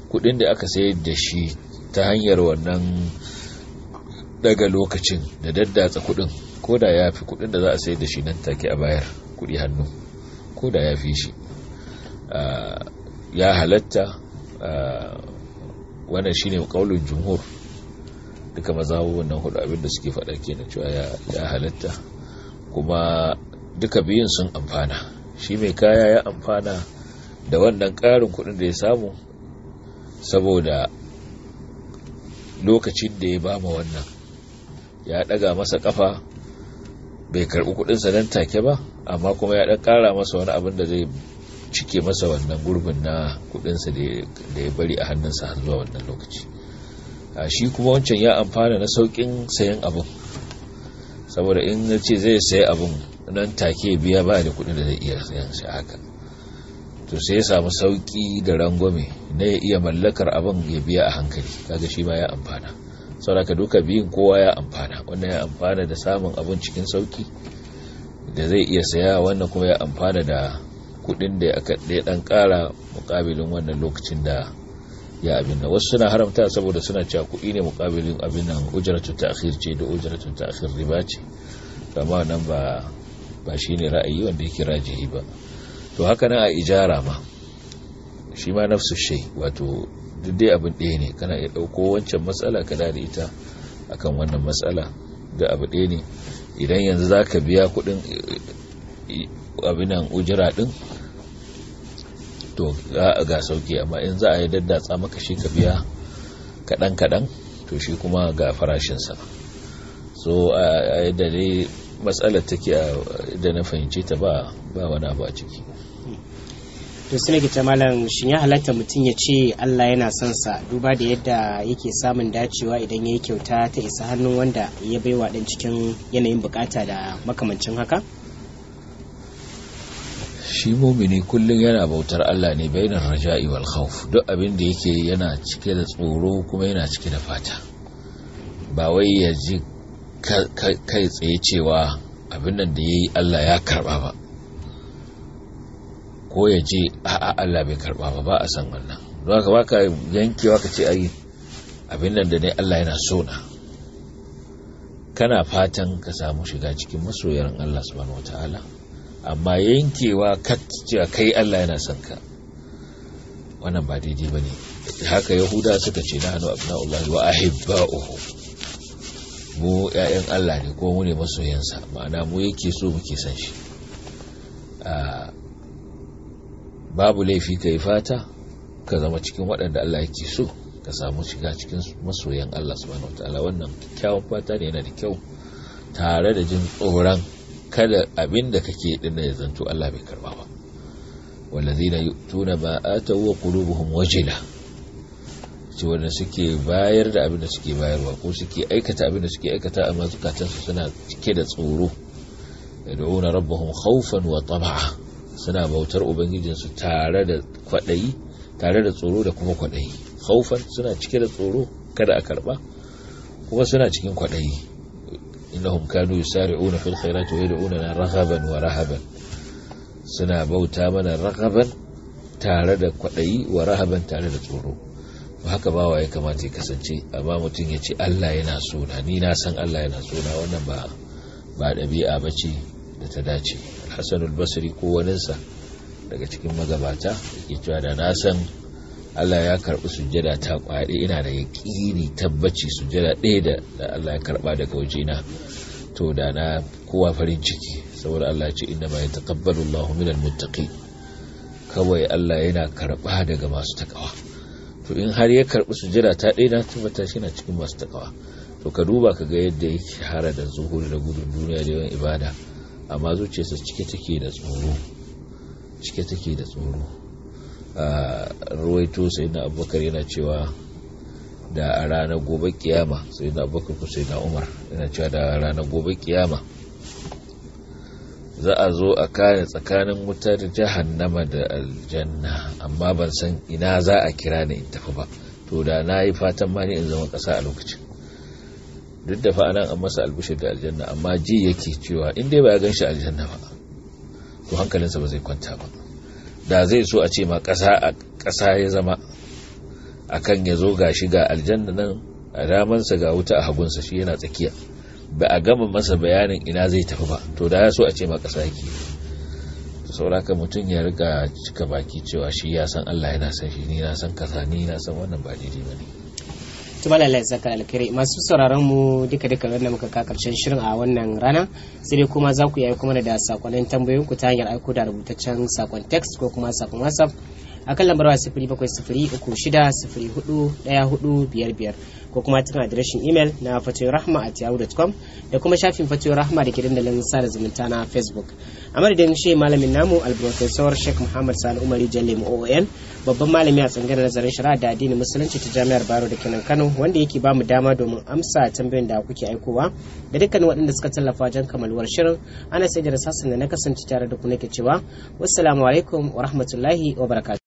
kudin da aka sayar da shi ta hanyar wannan daga lokacin da daddatsa kuɗin. ko da ya fi kudin da za a sayar da shi nan take a bayar kudi hannu ko da ya fi shi ah, ya halatta ah, wannan shine kaulin jumhur duka mazhabun wannan hudu abinda suke faɗa kenan cewa ya halatta kuma duka biyun sun amfana shi mai kaya ya amfana da wannan ƙarin kuɗin da ya samu saboda lokacin da ya bama wannan ya ɗaga masa kafa bai karbi sa nan take ba amma kuma ya dan kara masa wani abin da zai cike masa wannan gurbin na kudinsa da ya bari a hannunsa har zuwa wannan lokaci a shi kuma wancan ya amfana na saukin sayan abin saboda in ya ce zai sayi abin nan take biya ba da kudin da zai iya sayan shi haka to sai ya samu sauƙi da rangwame na ya iya mallakar abin ya biya a hankali kaga shi ma ya amfana sauraka duka biyun kowa ya amfana wannan ya amfana da samun abin cikin sauki da zai iya saya wannan kuma ya amfana da kudin da aka ɗaya ɗan ƙara mukabilin wannan lokacin da ya abin da wasu suna haramta saboda suna cewa kuɗi ne mukabilin abin nan ujaratun ta'khir ce da ujaratun ta'khir riba ce amma nan ba ba shine ra'ayi wanda yake rajihi ba to haka nan a ijara ma shi ma nafsu shay wato duk dai abin ɗaya ne kana iya ɗauko wancan matsala ka da ita akan wannan matsala da abu ɗaya ne idan yanzu za ka biya kuɗin eh, eh, abinan ujira ɗin to ga sauki amma in za a yi daddatsa maka shi ka biya kaɗan-kaɗan to shi kuma ga farashinsa so a yadda dai matsalar take da na fahimci ta ba wani abu a ciki to sai ke ta malam shin ya halatta mutum ya ce Allah yana son sa duba da yadda yake samun dacewa idan ya yi kyauta ta isa hannun wanda ya baiwa dan cikin yanayin bukata da makamancin haka shi mumini kullum yana bautar Allah ne bainar raja'i wal khawf duk abin da yake yana cike da tsoro kuma yana cike da fata ba wai ya ji kai tsaye cewa abin nan da yayi Allah ya karba ba ko ya je a'a Allah bai karba ba ba a san wannan don haka baka yankewa ka ce ai abin nan da ne Allah yana so na kana fatan ka samu shiga cikin masoyan Allah subhanahu wataala amma yankewa ka ce kai Allah yana son ka wannan ba daidai ba ne haka yahuda suka ce na hannu Allah wa ahibba'uhu mu 'ya'yan Allah ne ko mu ne masoyansa ma'ana mu yake so muke san shi ah, babu laifi ka yi fata ka zama cikin waɗanda Allah yake so ka samu shiga cikin masoyan Allah subhanahu wataala wannan kyawun fata ne yana da kyau tare da jin tsoron kada abin da kake din ya zanto Allah bai karba ba wallazina yu'tuna ma atawu wa qulubuhum wajila ce wanda suke bayar da abin da suke bayarwa ko suke aikata abin da suke aikata amma zukatansu suna cike da tsoro yad'una rabbahum khawfan wa tama'a suna bautar ubangijinsu tare da kwaɗayi tare da tsoro da kuma kwaɗayi khaufan suna cike da tsoro kada a karba kuma suna cikin kwaɗayi innahum kanu yusari'una fil khairati wa yad'una raghaban wa rahaban suna bauta mana raghaban tare da kwaɗayi wa rahaban tare da tsoro ba haka bawa ya kamata ya kasance amma mutum ya ce Allah yana so na ni na san Allah yana so na wannan ba ba ɗabi'a bace da ta dace hassanul basri ko waninsa daga cikin magabata yake cewa da na san Allah ya karbi sujjada ta kwaɗe ina da yaƙini tabbaci sujjada ɗaya da Allah ya karba daga wajena to da na kowa farin ciki saboda Allah ce inna ma yataqabbalu Allahu minal muttaqi kawai Allah yana karɓa daga masu takawa to in har ya karɓi sujjada ta ɗaya na tabbata shi na cikin masu takawa to ka duba ka ga yadda yake hara da zuhuri da gudun duniya da yawan ibada amma zuciyarsa cike take da tsoro cike take da tsoro a ruwaito sai na abubakar yana cewa da a ranar gobe kiyama sai na abubakar ku sai na umar yana cewa da ranar gobe kiyama za a zo a kare tsakanin wutar nama da aljanna amma ban san ina za a kira ni in tafi ba to da na yi fatan ma in zama ƙasa a lokacin duk da fa'anan an masa albishir da aljanna amma ji yake cewa in dai ba ya gan shi aljanna ba to hankalinsa ba zai kwanta ba da zai so a ce ma ƙasa ya zama a kan ya zo ga shi ga aljanna nan a ramansa ga wuta a hagunsa shi yana tsakiya ba a gama masa bayanin ina zai tafi ba to da ya so a ce ma ƙasa yake sauraka mutum ya rika cika baki cewa shi ya san Allah yana san shi ni na san kasa ni na san wannan ba daidai ba ne tuma lalai zaka alkhairi masu sauraron mu duka duka wanda muka ka karshen shirin a wannan rana sai dai kuma za ku yi aiko mana da sakonnin tambayoyin ku ta hanyar aiko da rubutaccen sakon text ko kuma sakon whatsapp akan lambar wa sifiri bakwai uku shida sifiri hudu daya hudu biyar biyar ko kuma kan adireshin imel na fatoyin rahma a yahoo.com da kuma shafin fatoyin rahma da ke dandalin sada zumunta na facebook a madadin shi malamin namu alprofesor sheikh muhammad sani umari mu oon babban malami a tsangana nazarin shari'a da addinin musulunci ta jami'ar baro da kenan kano wanda yake ba mu dama domin amsa tambayoyin da kuke aikowa da dukkanin waɗanda suka tallafa wajen kamaluwar shirin ana sai da sassan da na kasance tare da ku nake cewa wassalamu alaikum wa rahmatullahi wa barakatuh